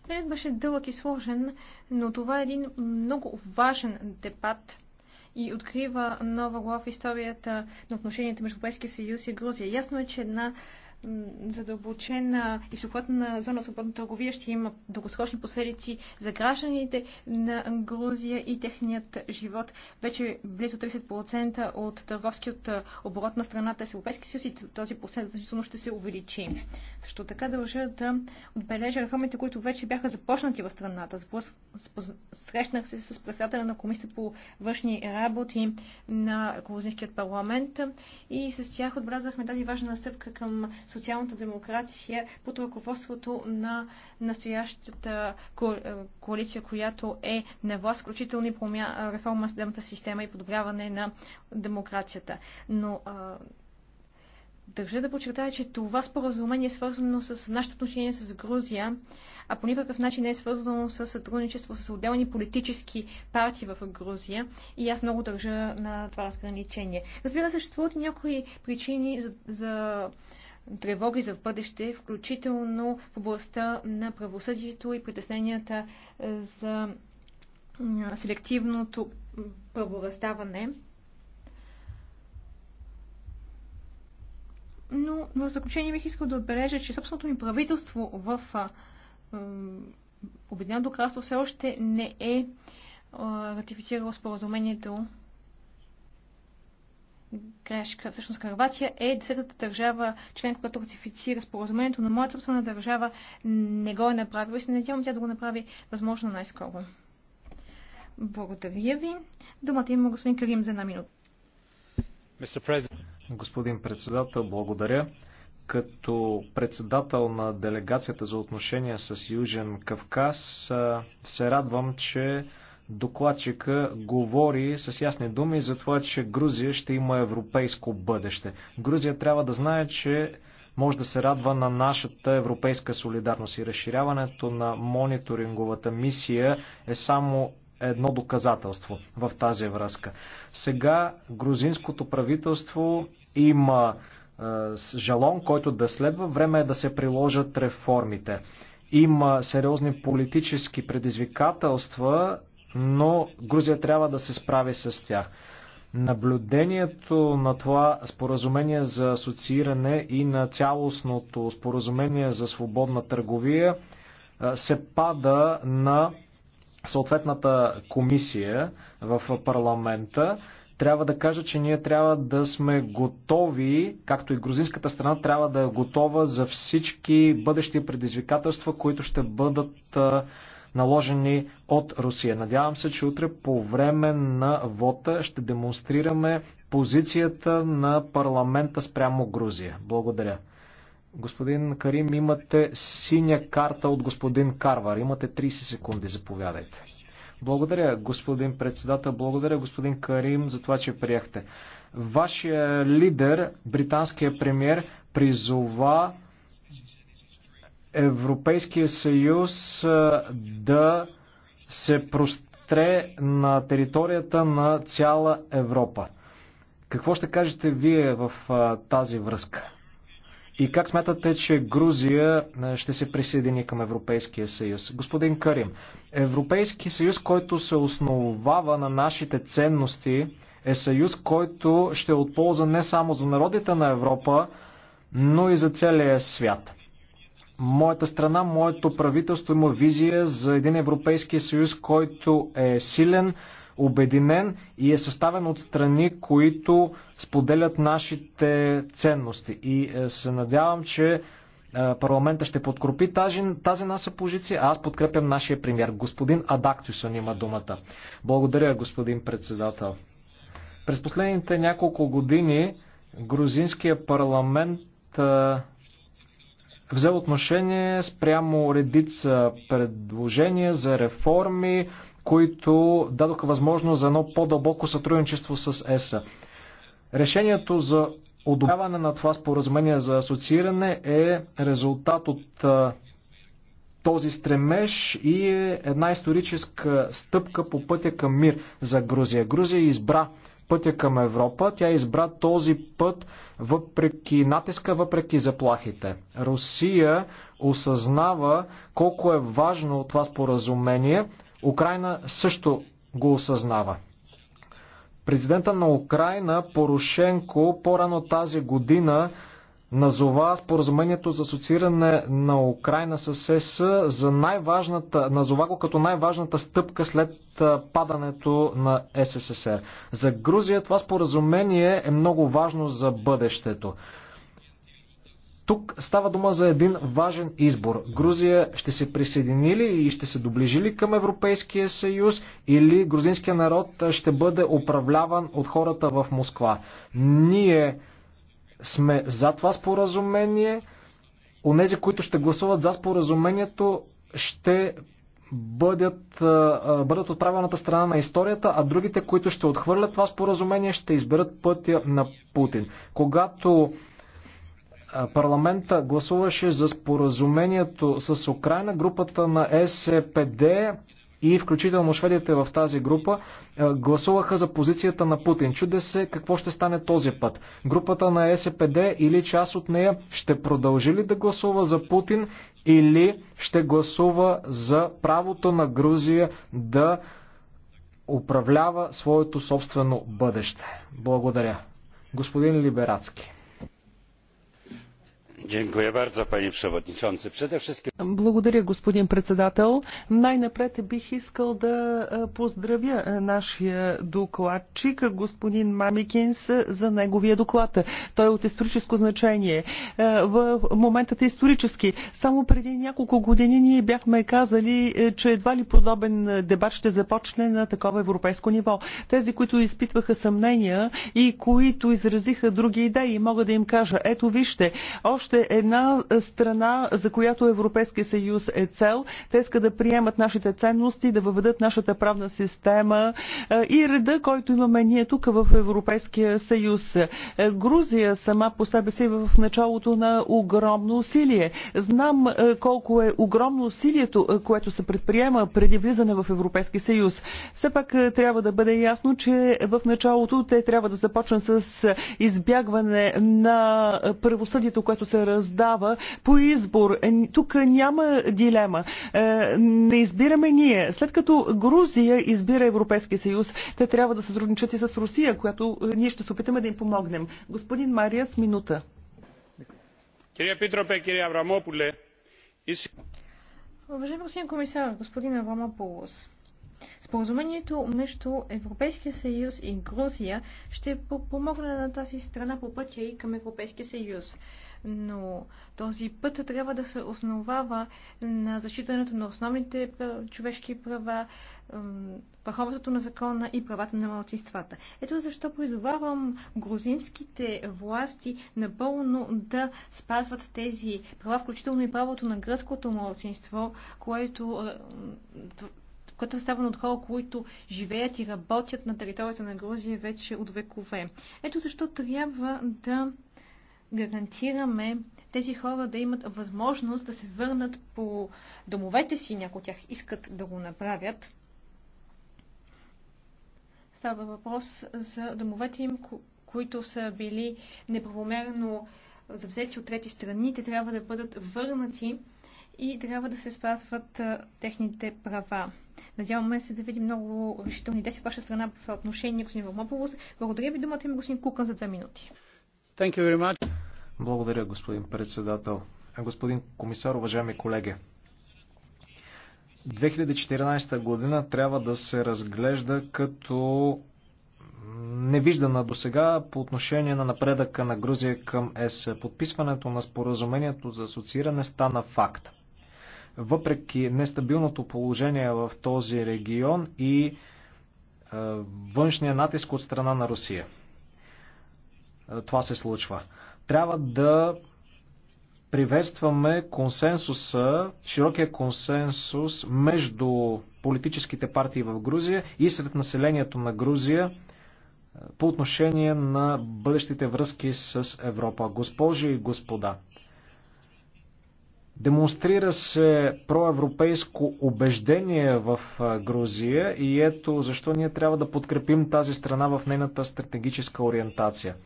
Днес беше дълъг и сложен, но това е един много важен дебат и открива нова глава в историята на отношенията между Европейския съюз и Грузия. Ясно е, че една задълбочена и всеобхватна зона свободна търговия ще има дългосрочни последици за гражданите на Грузия и техният живот. Вече близо 30% от търговският оборот на страната е с Европейски съюз и този процент значително ще се увеличи. Също така дължа да отбележа реформите, които вече бяха започнати в страната. Срещнах се с председателя на комисията по външни работи на Грузинският парламент и с тях отбелязахме тази важна стъпка към социалната демокрация под ръководството на настоящата е, коалиция, която е на власт, включително и промя... Е, реформа на съдебната система и подобряване на демокрацията. Но а, държа да подчертая, че това споразумение е свързано с нашите отношения с Грузия, а по никакъв начин не е свързано с сътрудничество с отделни политически партии в Грузия. И аз много държа на това разграничение. Разбира се, съществуват и някои причини за, за тревоги за бъдеще, включително в областта на правосъдието и притесненията е, за селективното правораздаване. Но в заключение бих искал да отбележа, че собственото ми правителство в Обединеното кралство все още не е ратифицирало споразумението грешка. Всъщност Харватия е десетата държава, член, която ратифицира споразумението, но моята собствена държава не го е направила и се надявам тя да го направи възможно най-скоро. Благодаря ви. Думата има господин Карим за една минута. Господин председател, благодаря. Като председател на делегацията за отношения с Южен Кавказ, се радвам, че докладчика говори с ясни думи за това, че Грузия ще има европейско бъдеще. Грузия трябва да знае, че може да се радва на нашата европейска солидарност и разширяването на мониторинговата мисия е само едно доказателство в тази връзка. Сега грузинското правителство има е, жалон, който да следва. Време е да се приложат реформите. Има сериозни политически предизвикателства но Грузия трябва да се справи с тях. Наблюдението на това споразумение за асоцииране и на цялостното споразумение за свободна търговия се пада на съответната комисия в парламента. Трябва да кажа, че ние трябва да сме готови, както и грузинската страна трябва да е готова за всички бъдещи предизвикателства, които ще бъдат наложени от Русия. Надявам се, че утре по време на вота ще демонстрираме позицията на парламента спрямо Грузия. Благодаря. Господин Карим, имате синя карта от господин Карвар. Имате 30 секунди, заповядайте. Благодаря, господин председател. Благодаря, господин Карим, за това, че приехте. Вашия лидер, британския премьер, призова Европейския съюз да се простре на територията на цяла Европа. Какво ще кажете вие в тази връзка? И как смятате, че Грузия ще се присъедини към Европейския съюз? Господин Карим, Европейски съюз, който се основава на нашите ценности, е съюз, който ще е от полза не само за народите на Европа, но и за целия свят моята страна, моето правителство има визия за един Европейски съюз, който е силен, обединен и е съставен от страни, които споделят нашите ценности. И е, се надявам, че е, парламента ще подкрепи тази, тази наша позиция, а аз подкрепям нашия премьер. Господин Адактюсон има думата. Благодаря, господин председател. През последните няколко години грузинския парламент е, взел отношение спрямо редица предложения за реформи, които дадоха възможност за едно по-дълбоко сътрудничество с ЕСА. Решението за одобряване на това споразумение за асоцииране е резултат от този стремеж и е една историческа стъпка по пътя към мир за Грузия. Грузия избра пътя към Европа. Тя избра този път въпреки натиска, въпреки заплахите. Русия осъзнава колко е важно това споразумение. Украина също го осъзнава. Президента на Украина Порошенко по-рано тази година назова споразумението за асоцииране на Украина с СС за най-важната, назова го като най-важната стъпка след падането на СССР. За Грузия това споразумение е много важно за бъдещето. Тук става дума за един важен избор. Грузия ще се присъедини ли и ще се доближи ли към Европейския съюз или грузинския народ ще бъде управляван от хората в Москва. Ние сме за това споразумение. Онези, които ще гласуват за споразумението, ще бъдат, бъдат от правилната страна на историята, а другите, които ще отхвърлят това споразумение, ще изберат пътя на Путин. Когато парламента гласуваше за споразумението с Украина, групата на СПД и включително шведите в тази група е, гласуваха за позицията на Путин. Чуде се какво ще стане този път. Групата на СПД или част от нея ще продължи ли да гласува за Путин или ще гласува за правото на Грузия да управлява своето собствено бъдеще. Благодаря. Господин Либерацки. Благодаря, господин председател. Най-напред бих искал да е, поздравя е, нашия докладчик, господин Мамикинс, за неговия доклад. Той е от историческо значение. Е, в моментът е исторически. Само преди няколко години ние бяхме казали, че едва ли подобен дебат ще започне на такова европейско ниво. Тези, които изпитваха съмнения и които изразиха други идеи, мога да им кажа, ето вижте, още още една страна, за която Европейския съюз е цел. Те искат да приемат нашите ценности, да въведат нашата правна система е, и реда, който имаме ние тук в Европейския съюз. Е, Грузия сама по себе си е в началото на огромно усилие. Знам колко е огромно усилието, което се предприема преди влизане в Европейския съюз. Все пак трябва да бъде ясно, че в началото те трябва да започнат с избягване на правосъдието, което се се раздава по избор. Е, тук няма дилема. Е, не избираме ние. След като Грузия избира Европейския съюз, те трябва да сътрудничат и с Русия, която е, ние ще се опитаме да им помогнем. Господин Мария, с минута. Кирия Питропе, кирия Аврамопуле. Уважаеми господин комисар, господин Аврамополос, Споразумението между Европейския съюз и Грузия ще помогне на тази страна по пътя и към Европейския съюз но този път трябва да се основава на защитането на основните човешки права, върховството на закона и правата на малцинствата. Ето защо призовавам грузинските власти напълно да спазват тези права, включително и правото на гръцкото малцинство, което което е ставано от хора, които живеят и работят на територията на Грузия вече от векове. Ето защо трябва да гарантираме тези хора да имат възможност да се върнат по домовете си, някои от тях искат да го направят. Става въпрос за домовете им, които са били неправомерно завзети от трети страни, те трябва да бъдат върнати и трябва да се спазват техните права. Надяваме се да видим много решителни действия ваша страна в отношение, господин Вълмополос. Благодаря ви думата им, господин Кукан, за две минути. Thank you very much. Благодаря, господин председател. Господин комисар, уважаеми колеги. 2014 година трябва да се разглежда като невиждана до сега по отношение на напредъка на Грузия към ЕС. Подписването на споразумението за асоцииране стана факт. Въпреки нестабилното положение в този регион и е, външния натиск от страна на Русия. Е, това се случва. Трябва да приветстваме консенсуса, широкия консенсус между политическите партии в Грузия и сред населението на Грузия е, по отношение на бъдещите връзки с Европа. Госпожи и господа, демонстрира се проевропейско убеждение в е, Грузия и ето защо ние трябва да подкрепим тази страна в нейната стратегическа ориентация –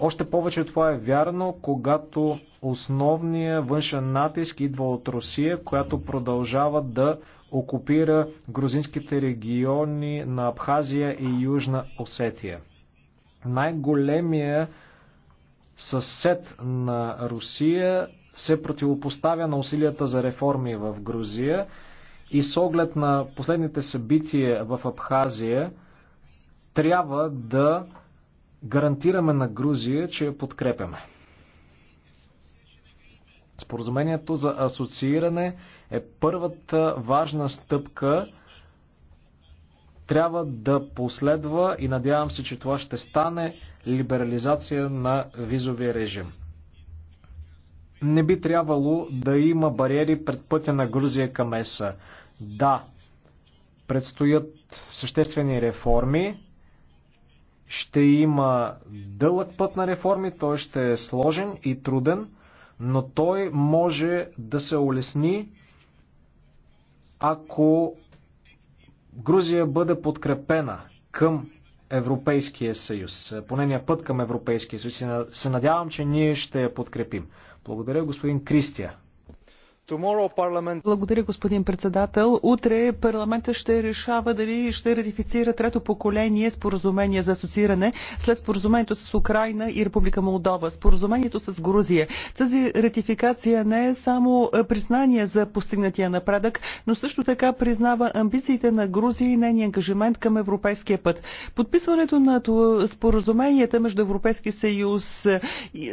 още повече това е вярно, когато основният външен натиск идва от Русия, която продължава да окупира грузинските региони на Абхазия и Южна Осетия. Най-големия съсед на Русия се противопоставя на усилията за реформи в Грузия и с оглед на последните събития в Абхазия трябва да гарантираме на Грузия, че я подкрепяме. Споразумението за асоцииране е първата важна стъпка. Трябва да последва и надявам се, че това ще стане либерализация на визовия режим. Не би трябвало да има бариери пред пътя на Грузия към ЕСА. Да, предстоят съществени реформи, ще има дълъг път на реформи, той ще е сложен и труден, но той може да се улесни, ако Грузия бъде подкрепена към Европейския съюз, по нейния път към Европейския съюз. И се надявам, че ние ще я подкрепим. Благодаря, господин Кристия. Благодаря, господин председател. Утре парламента ще решава дали ще ратифицира трето поколение споразумение за асоцииране след споразумението с Украина и Република Молдова, споразумението с Грузия. Тази ратификация не е само е, признание за постигнатия напредък, но също така признава амбициите на Грузия и нейния ангажимент към европейския път. Подписването на споразуменията между Европейския съюз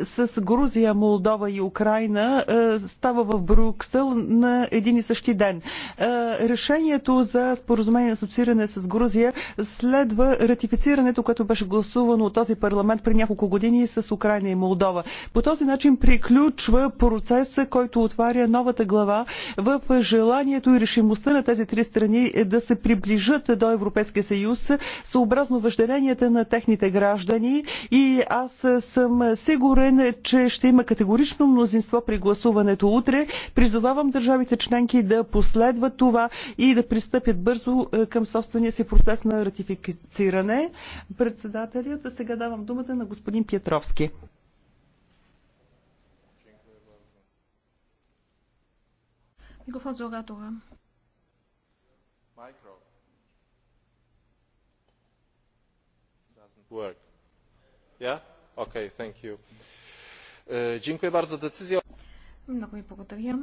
с Грузия, Молдова и Украина е, става в Брюксел Брюксел на един и същи ден. Е, решението за споразумение на асоцииране с Грузия следва ратифицирането, което беше гласувано от този парламент при няколко години с Украина и Молдова. По този начин приключва процеса, който отваря новата глава в желанието и решимостта на тези три страни да се приближат до Европейския съюз съобразно въжделенията на техните граждани и аз съм сигурен, че ще има категорично мнозинство при гласуването утре при Призовавам държавите членки да последват това и да пристъпят бързо е, към собствения си процес на ратифициране. Председателят, а сега давам думата на господин Петровски. Микрофон за оратора. work. Yeah? Okay, thank you. Dziękuję bardzo. za decyzję. Много ви благодаря.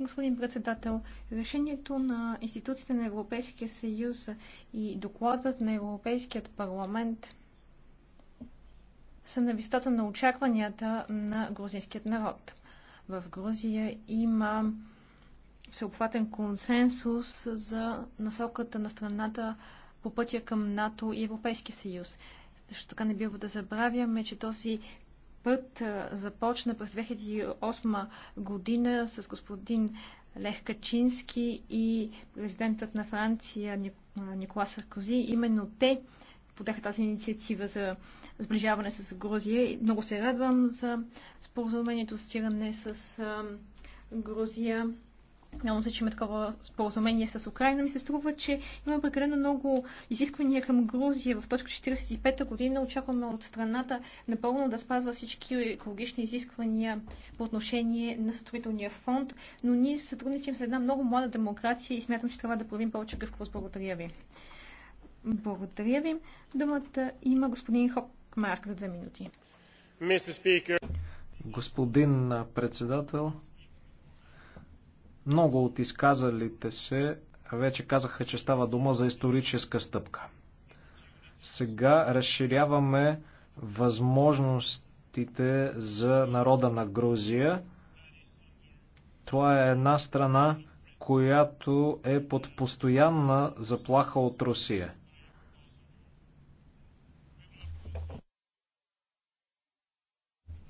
Господин председател, решението на институциите на Европейския съюз и докладът на Европейският парламент са на висотата на очакванията на грузинският народ. В Грузия има всеобхватен консенсус за насоката на страната по пътя към НАТО и Европейския съюз. Също така не бива да забравяме, че този път започна през 2008 година с господин Лех Качински и президентът на Франция Никола Саркози. Именно те подеха тази инициатива за сближаване с Грузия. Много се радвам за споразумението за стиране с Грузия. Нямам се, че има такова споразумение с Украина. Ми се струва, че има прекалено много изисквания към Грузия. В точка 45-та година очакваме от страната напълно да спазва всички екологични изисквания по отношение на строителния фонд, но ние сътрудничим с една много млада демокрация и смятам, че трябва да проявим повече гъвкавост. Благодаря ви. Благодаря ви. Думата има господин Хокмарк за две минути. Господин председател, много от изказалите се вече казаха, че става дума за историческа стъпка. Сега разширяваме възможностите за народа на Грузия. Това е една страна, която е под постоянна заплаха от Русия.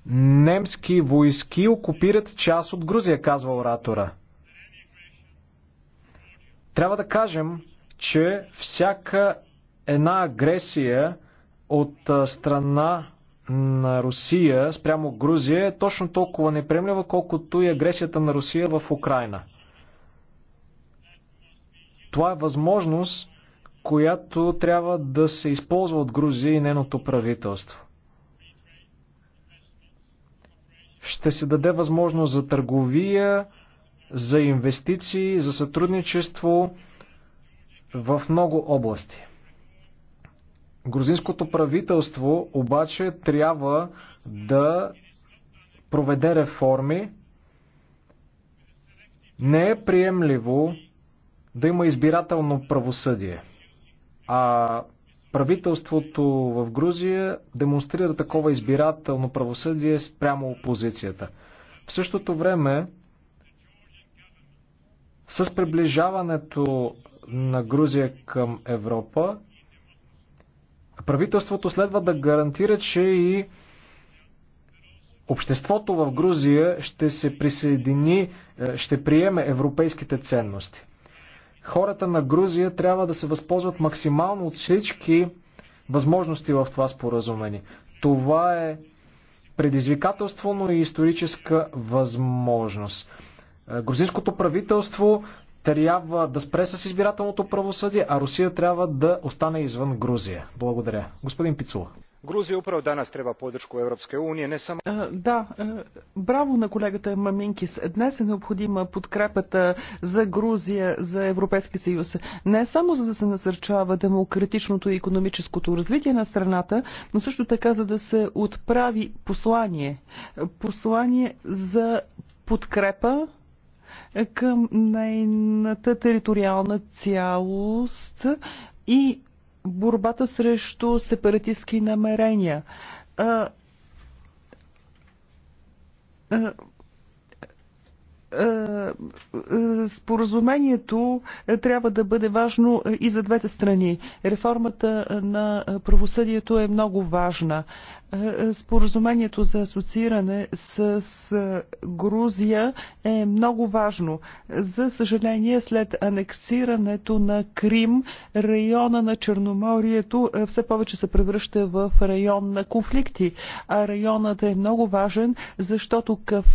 Немски войски окупират част от Грузия, казва оратора. Трябва да кажем, че всяка една агресия от страна на Русия спрямо Грузия е точно толкова неприемлива, колкото и агресията на Русия в Украина. Това е възможност, която трябва да се използва от Грузия и нейното правителство. Ще се даде възможност за търговия, за инвестиции, за сътрудничество в много области. Грузинското правителство обаче трябва да проведе реформи. Не е приемливо да има избирателно правосъдие. А правителството в Грузия демонстрира такова избирателно правосъдие спрямо опозицията. В същото време с приближаването на Грузия към Европа, правителството следва да гарантира, че и обществото в Грузия ще се присъедини, е, ще приеме европейските ценности. Хората на Грузия трябва да се възползват максимално от всички възможности в това споразумение. Това е предизвикателство, но и историческа възможност. Грузинското правителство трябва да спре с избирателното правосъдие, а Русия трябва да остане извън Грузия. Благодаря. Господин Пицула. Грузия upravo danas treba в Европейска уния, не само Да, браво на колегата Маминкис. Днес е необходима подкрепата за Грузия, за Европейския съюз. Не само за да се насърчава демократичното и економическото развитие на страната, но също така за да се отправи послание. Послание за подкрепа към нейната териториална цялост и борбата срещу сепаратистски намерения. А, а, е, е, споразумението е, трябва да бъде важно и за двете страни. Реформата на правосъдието е много важна. Споразумението за асоцииране с Грузия е много важно. За съжаление, след анексирането на Крим, района на Черноморието все повече се превръща в район на конфликти. А районът е много важен, защото Каф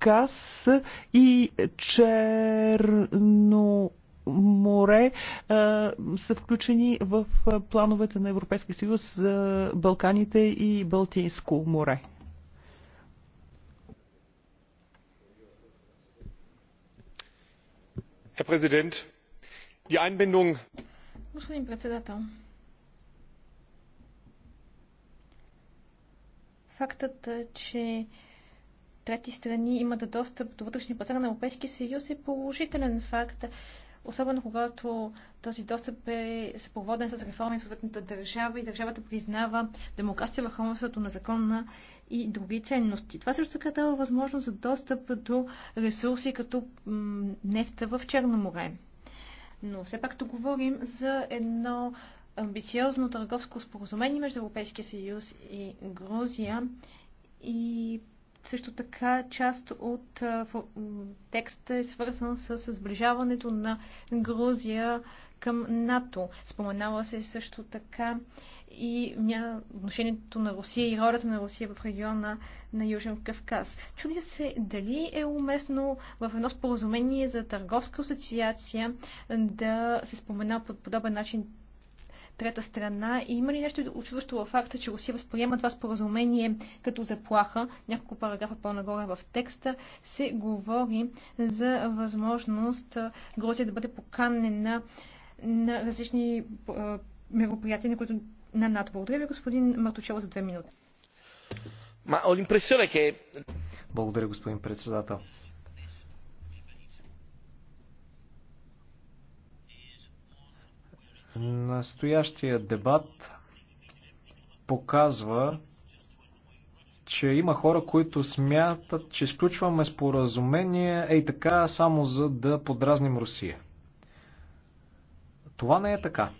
Кавказ и Черно море а, са включени в плановете на Европейския съюз за Балканите и Балтийско море. Господин председател, фактът, че трети страни имат достъп до вътрешния пазар на Европейския съюз е положителен факт, особено когато този достъп е съпроводен с реформи в съответната държава и държавата признава демокрация, върховенството на законна и други ценности. Това също така дава възможност за достъп до ресурси като нефта в Черно море. Но все пак тук говорим за едно амбициозно търговско споразумение между Европейския съюз и Грузия и също така част от текста е свързан с сближаването на Грузия към НАТО. Споменава се също така и отношението на Русия и ролята на Русия в региона на Южен Кавказ. Чудя се дали е уместно в едно споразумение за търговска асоциация да се спомена по подобен начин трета страна. И има ли нещо очуващо във факта, че Русия възприема това споразумение като заплаха? Няколко параграфа по-нагоре в текста се говори за възможност Грузия да бъде поканена на различни мероприятия, на които на НАТО. Благодаря ви, господин Мартучело, за две минути. Е, Благодаря, господин председател. Настоящия дебат показва, че има хора, които смятат, че изключваме споразумение ей така, само за да подразним Русия. Това не е така.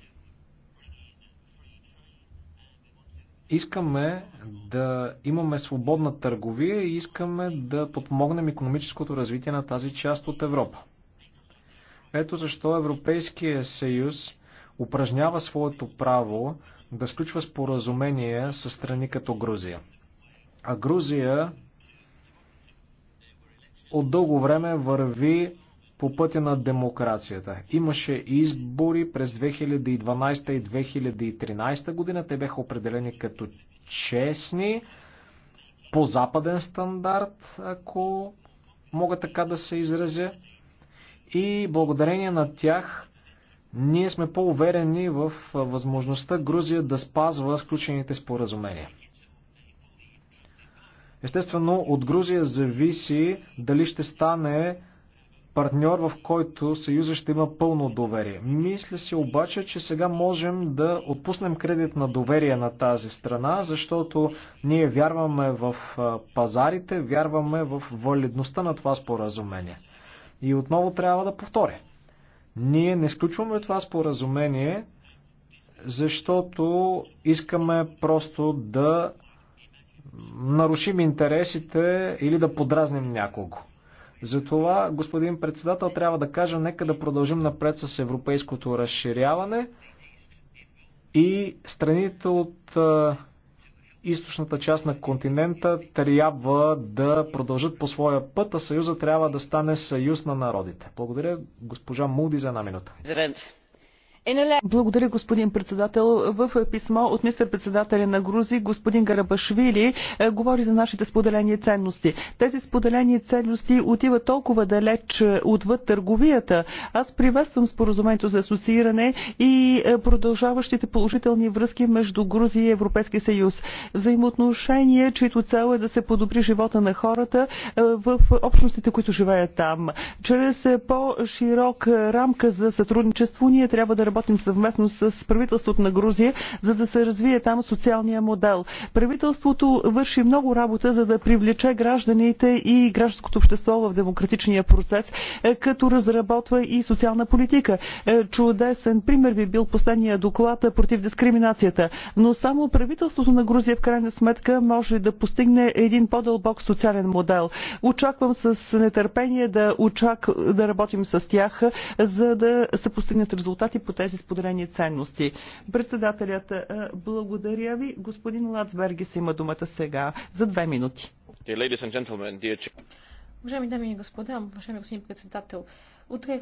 Искаме да имаме свободна търговия и искаме да подмогнем економическото развитие на тази част от Европа. Ето защо Европейския съюз упражнява своето право да сключва споразумение с страни като Грузия. А Грузия от дълго време върви по пътя на демокрацията. Имаше избори през 2012 и 2013 година. Те бяха определени като честни, по западен стандарт, ако мога така да се изразя. И благодарение на тях ние сме по-уверени в възможността Грузия да спазва сключените споразумения. Естествено, от Грузия зависи дали ще стане партньор, в който Съюза ще има пълно доверие. Мисля си обаче, че сега можем да отпуснем кредит на доверие на тази страна, защото ние вярваме в пазарите, вярваме в валидността на това споразумение. И отново трябва да повторя. Ние не изключваме това споразумение, защото искаме просто да нарушим интересите или да подразним някого. Затова, господин председател, трябва да кажа, нека да продължим напред с европейското разширяване и страните от източната част на континента трябва да продължат по своя път, а Съюза трябва да стане Съюз на народите. Благодаря госпожа Муди за една минута. Благодаря, господин председател. В писмо от мистер председателя на Грузи, господин Гарабашвили, е, говори за нашите споделени ценности. Тези споделени ценности отиват толкова далеч е, отвъд търговията. Аз приветствам споразумението за асоцииране и е, продължаващите положителни връзки между Грузия и Европейския съюз. Взаимоотношение, чието цел е да се подобри живота на хората в общностите, които живеят там. Чрез по-широка рамка за сътрудничество ние трябва да работим съвместно с правителството на Грузия, за да се развие там социалния модел. Правителството върши много работа, за да привлече гражданите и гражданското общество в демократичния процес, е, като разработва и социална политика. Е, чудесен пример би бил последния доклад против дискриминацията. Но само правителството на Грузия в крайна сметка може да постигне един по-дълбок социален модел. Очаквам с нетърпение да, очак... да работим с тях, е, за да се постигнат резултати по тези споделени ценности. Председателят, е, благодаря ви. Господин Лацберги се има думата сега за две минути. Уважаеми дами и господа, уважаеми господин председател, утре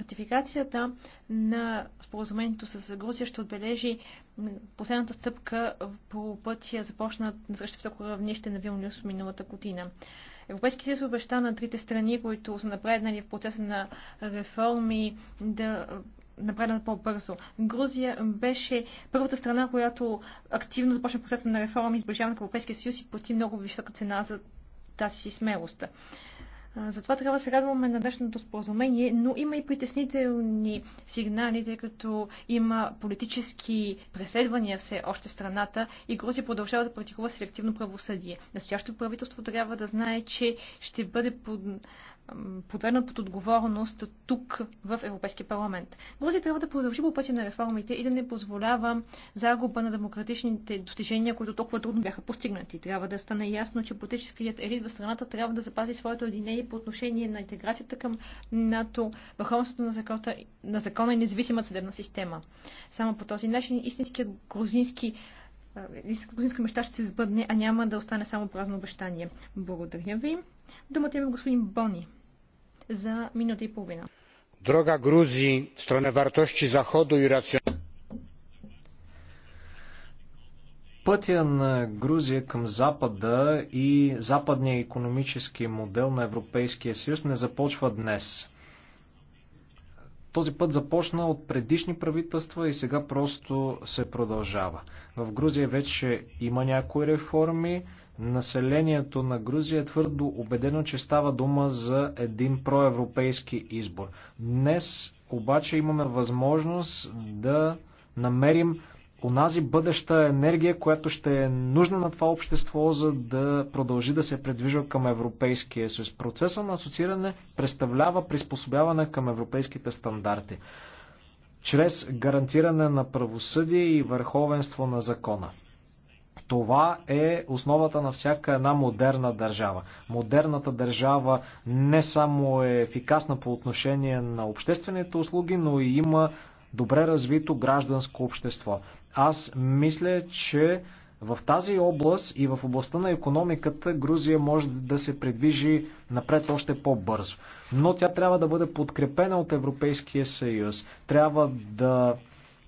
ратификацията на споразумението с Грузия ще отбележи последната стъпка по пътя започнат на срещу високо равнище на Вилнюс миналата година. Европейския съюз обеща на трите страни, които са напреднали в процеса на реформи, да направена по-бързо. Грузия беше първата страна, която активно започна процеса на реформи и сближаване към Европейския съюз и плати много висока цена за тази си смелост. Затова трябва да се радваме на днешното споразумение, но има и притеснителни сигнали, тъй като има политически преследвания все още в страната и Грузия продължава да практикува селективно правосъдие. Настоящото правителство трябва да знае, че ще бъде под подведена под отговорност тук в Европейския парламент. Грузия трябва да продължи по пътя на реформите и да не позволява загуба на демократичните достижения, които толкова трудно бяха постигнати. Трябва да стане ясно, че политическият елит в страната трябва да запази своето единение по отношение на интеграцията към НАТО, върховенството на закона, на закона и независимата съдебна система. Само по този начин истинският грузински Истинска грузинска мечта ще се сбъдне, а няма да остане само празно обещание. Благодаря ви. Думата има господин Бони за минута и половина. Droga Gruzji w stronę wartości Zachodu i Пътя на Грузия към Запада и западния економически модел на Европейския съюз не започва днес. Този път започна от предишни правителства и сега просто се продължава. В Грузия вече има някои реформи, Населението на Грузия е твърдо убедено, че става дума за един проевропейски избор. Днес обаче имаме възможност да намерим онази бъдеща енергия, която ще е нужна на това общество, за да продължи да се предвижва към Европейския съюз. Процеса на асоцииране представлява приспособяване към европейските стандарти, чрез гарантиране на правосъдие и върховенство на закона. Това е основата на всяка една модерна държава. Модерната държава не само е ефикасна по отношение на обществените услуги, но и има добре развито гражданско общество. Аз мисля, че в тази област и в областта на економиката Грузия може да се придвижи напред още по-бързо. Но тя трябва да бъде подкрепена от Европейския съюз. Трябва да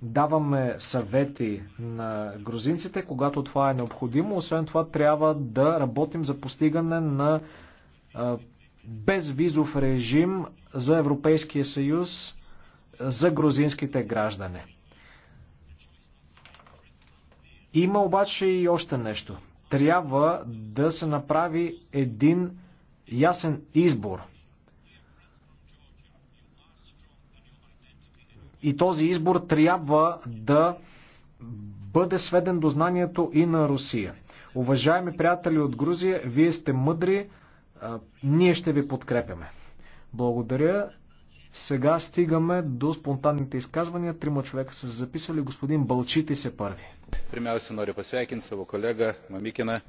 даваме съвети на грузинците, когато това е необходимо. Освен това, трябва да работим за постигане на безвизов режим за Европейския съюз за грузинските граждане. Има обаче и още нещо. Трябва да се направи един ясен избор – И този избор трябва да бъде сведен до знанието и на Русия. Уважаеми приятели от Грузия, вие сте мъдри, ние ще ви подкрепяме. Благодаря. Сега стигаме до спонтанните изказвания. Трима човека са записали. Господин бълчите се първи. Pirmiausia, се нори savo kolegą колега Мамикина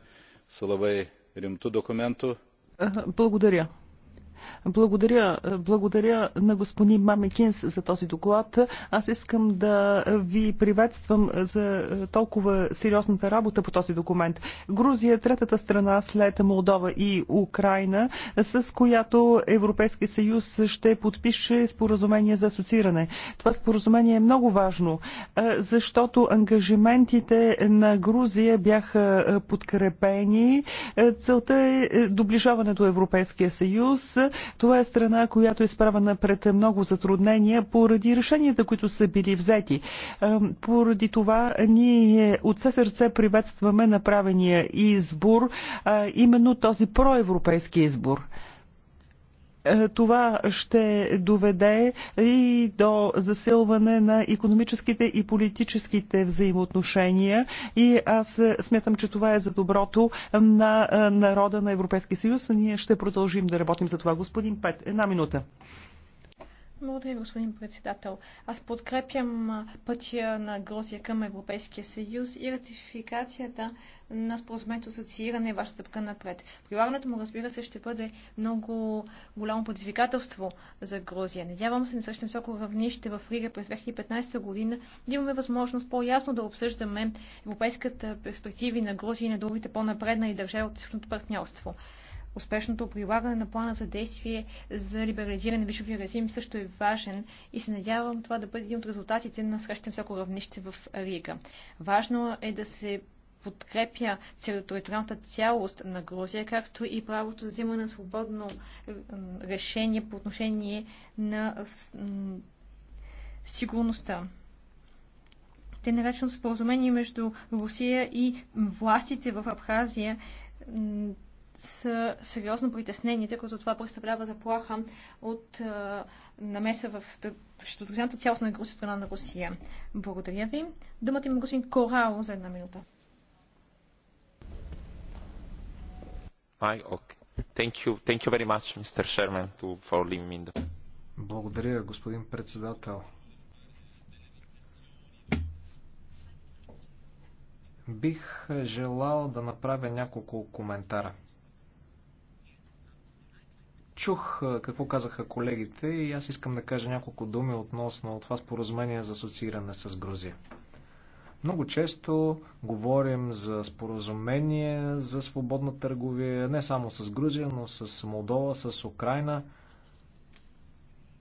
labai rimtu документу. Благодаря. Благодаря, благодаря на господин Мамекинс за този доклад. Аз искам да ви приветствам за толкова сериозната работа по този документ. Грузия е третата страна след Молдова и Украина, с която Европейския съюз ще подпише споразумение за асоцииране. Това споразумение е много важно, защото ангажиментите на Грузия бяха подкрепени. Целта е доближаване до Европейския съюз това е страна, която е изправена пред много затруднения поради решенията, които са били взети. Е, поради това ние от все сърце приветстваме направения избор, е, именно този проевропейски избор. Е, това ще доведе и до засилване на економическите и политическите взаимоотношения и аз смятам, че това е за доброто на е, народа на Европейския съюз. Ние ще продължим да работим за това. Господин Пет, една минута. Благодаря, господин председател. Аз подкрепям пътя на Грозия към Европейския съюз и ратификацията на споразумението за асоцииране е ваша стъпка напред. Прилагането му, разбира се, ще бъде много голямо предизвикателство за Грузия. Надявам се на същото високо равнище в Рига през 2015 година да имаме възможност по-ясно да обсъждаме европейската перспективи на Грузия и на другите по-напреднали държави от същото партньорство успешното прилагане на плана за действие за либерализиране вишовия режим също е важен и се надявам това да бъде един от резултатите на срещата всяко равнище в Рига. Важно е да се подкрепя териториалната цялост на Грузия, както и правото за взимане на свободно решение по отношение на сигурността те наречено споразумение между Русия и властите в Абхазия са сериозно притеснени, тъй като това представлява заплаха от а, намеса в държавната цялост на Русия страна на Русия. Благодаря ви. Думата има господин Корао за една минута. Благодаря, господин председател. Бих желал да направя няколко коментара. Чух какво казаха колегите и аз искам да кажа няколко думи относно това споразумение за асоцииране с Грузия. Много често говорим за споразумение за свободна търговия, не само с Грузия, но с Молдова, с Украина.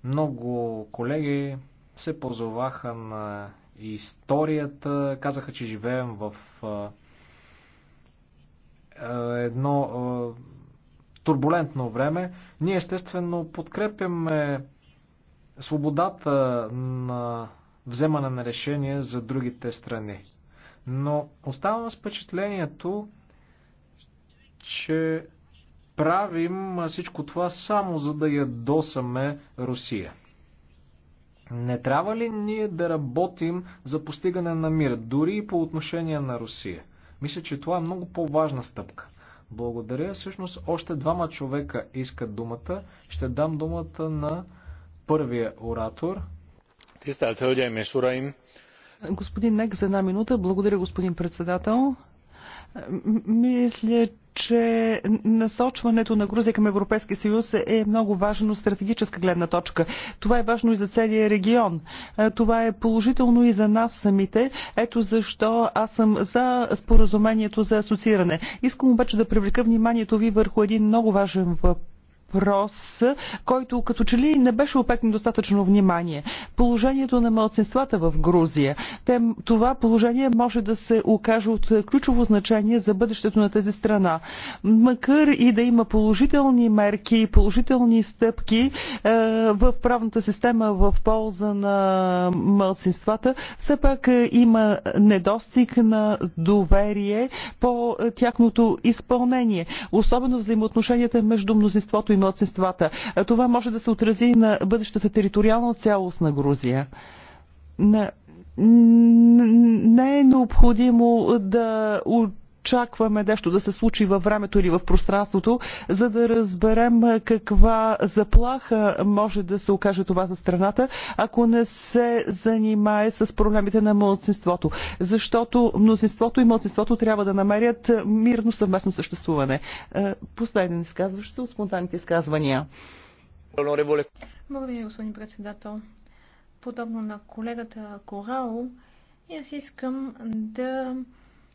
Много колеги се позоваха на историята, казаха, че живеем в едно турбулентно време. Ние естествено подкрепяме свободата на вземане на решения за другите страни. Но оставам с впечатлението, че правим всичко това само за да ядосаме Русия. Не трябва ли ние да работим за постигане на мир, дори и по отношение на Русия? Мисля, че това е много по-важна стъпка. Благодаря. Всъщност още двама човека искат думата. Ще дам думата на първия оратор. Е, господин Нек, за една минута. Благодаря, господин председател. Мисля, че насочването на Грузия към Европейския съюз е много важно стратегическа гледна точка. Това е важно и за целия регион. Е, това е положително и за нас самите. Ето защо аз съм за споразумението за асоцииране. Искам обаче да привлека вниманието ви върху един много важен въпрос въпрос, който като че ли не беше обект на достатъчно внимание. Положението на младсенствата в Грузия. Те, това положение може да се окаже от ключово значение за бъдещето на тази страна. Макар и да има положителни мерки, положителни стъпки е, в правната система в полза на младсенствата, все пак е, има недостиг на доверие по тяхното изпълнение, особено взаимоотношенията между мнозинството и младсинствата. Това може да се отрази и на бъдещата териториална цялост на Грузия. На не е необходимо да очакваме нещо да се случи във времето или в пространството, за да разберем каква заплаха може да се окаже това за страната, ако не се занимае с проблемите на младсинството. Защото мнозинството и младсинството трябва да намерят мирно съвместно съществуване. Последен изказващ се от спонтанните изказвания. Благодаря, господин председател. Подобно на колегата Корао, аз искам да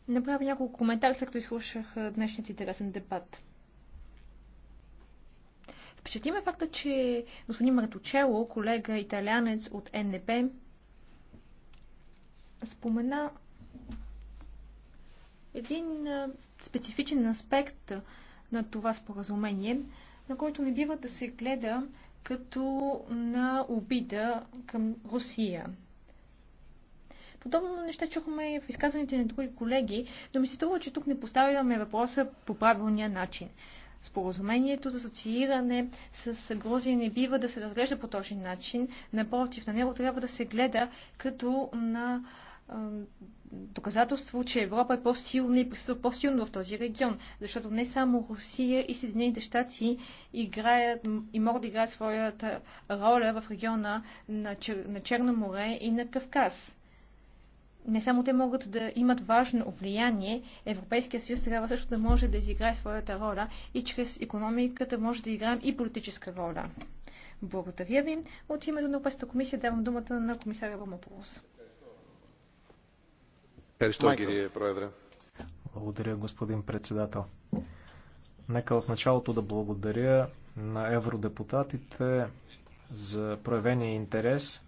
направя няколко коментар, след като изслушах днешният интересен дебат. Впечатли ме факта, че господин Мартучело, колега италянец от НДП, спомена един специфичен аспект на това споразумение, на който не бива да се гледа като на обида към Русия. Подобно неща чухме и в изказваните на други колеги, но ми се струва, че тук не поставяме въпроса по правилния начин. Споразумението за асоцииране с Грузия не бива да се разглежда по този начин. Напротив, на него трябва да се гледа като на доказателство, че Европа е по-силна и присъства по-силно в този регион, защото не само Русия и Съединените щати играят и могат да играят своята роля в региона на, Чер... на Черно море и на Кавказ не само те могат да имат важно влияние, Европейския съюз трябва също да може да изиграе своята роля и чрез економиката може да играем и политическа роля. Благодаря ви. От името на Европейската комисия давам думата на комисаря Ромополос. Благодаря, господин председател. Нека в началото да благодаря на евродепутатите за проявения интерес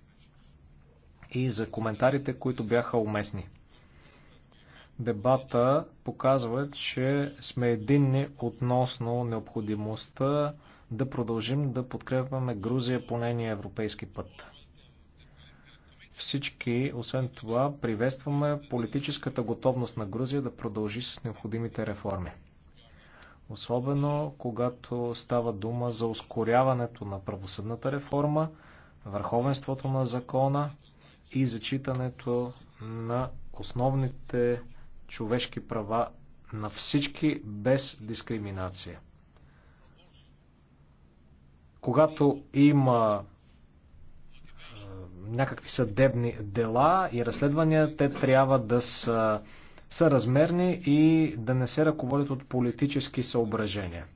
и за коментарите, които бяха уместни. Дебата показва, че сме единни относно необходимостта да продължим да подкрепваме Грузия по нейния европейски път. Всички, освен това, приветстваме политическата готовност на Грузия да продължи с необходимите реформи. Особено когато става дума за ускоряването на правосъдната реформа, върховенството на закона и зачитането на основните човешки права на всички без дискриминация. Когато има е, някакви съдебни дела и разследвания, те трябва да са, са размерни и да не се ръководят от политически съображения.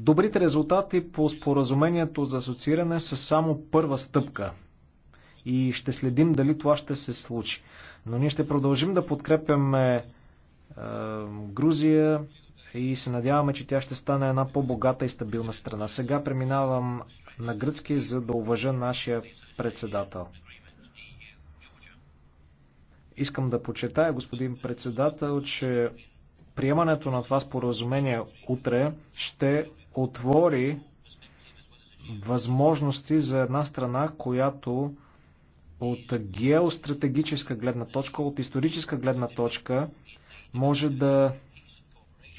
Добрите резултати по споразумението за асоцииране са само първа стъпка и ще следим дали това ще се случи. Но ние ще продължим да подкрепяме е, Грузия и се надяваме, че тя ще стане една по-богата и стабилна страна. Сега преминавам на гръцки, за да уважа нашия председател. Искам да почетая, господин председател, че приемането на това споразумение утре ще отвори възможности за една страна, която от геостратегическа гледна точка, от историческа гледна точка, може да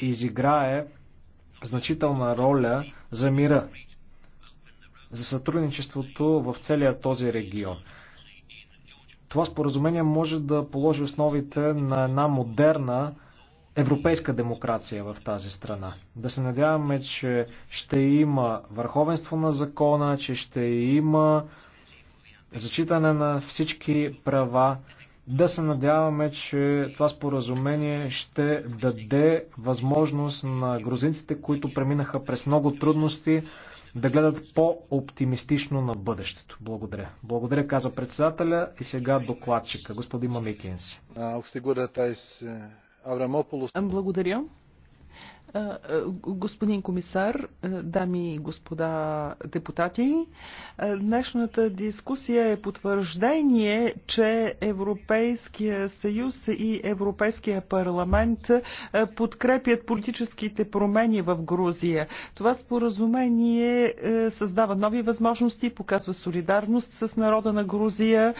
изиграе значителна роля за мира, за сътрудничеството в целия този регион. Това споразумение може да положи основите на една модерна европейска демокрация в тази страна. Да се надяваме, че ще има върховенство на закона, че ще има зачитане на всички права. Да се надяваме, че това споразумение ще даде възможност на грузинците, които преминаха през много трудности, да гледат по-оптимистично на бъдещето. Благодаря. Благодаря, каза председателя и сега докладчика, господин Мамикинс. Благодаря. Господин комисар, дами и господа депутати, днешната дискусия е потвърждение, че Европейския съюз и Европейския парламент подкрепят политическите промени в Грузия. Това споразумение създава нови възможности, показва солидарност с народа на Грузия,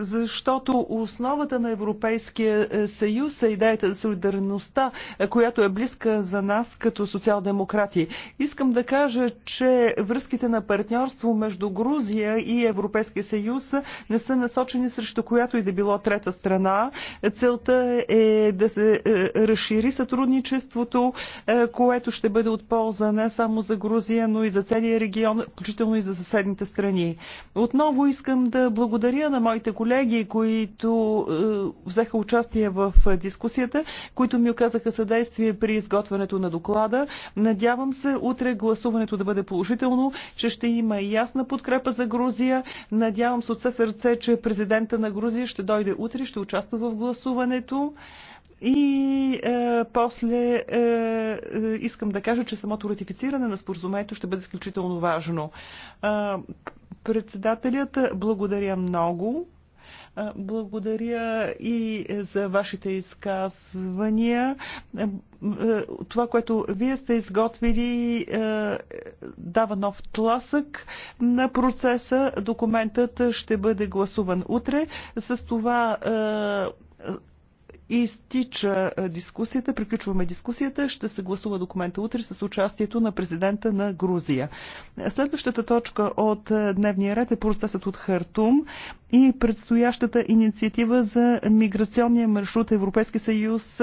защото основата на Европейския съюз е идеята да се солидарността, е, която е близка за нас като социал-демократи. Искам да кажа, че връзките на партньорство между Грузия и Европейския съюз не са насочени срещу която и да било трета страна. Целта е да се е, разшири сътрудничеството, е, което ще бъде от полза не само за Грузия, но и за целия регион, включително и за съседните страни. Отново искам да благодаря на моите колеги, които взеха участие в дискусията които ми оказаха съдействие при изготвянето на доклада. Надявам се утре гласуването да бъде положително, че ще има ясна подкрепа за Грузия. Надявам се от все сърце, че президента на Грузия ще дойде утре, ще участва в гласуването. И е, после е, е, искам да кажа, че самото ратифициране на споразумението ще бъде изключително важно. Е, председателят, благодаря много. Благодаря и за вашите изказвания. Това, което вие сте изготвили, дава нов тласък на процеса. Документът ще бъде гласуван утре. С това изтича дискусията, приключваме дискусията, ще се гласува документа утре с участието на президента на Грузия. Следващата точка от дневния ред е процесът от Хартум и предстоящата инициатива за миграционния маршрут Европейски съюз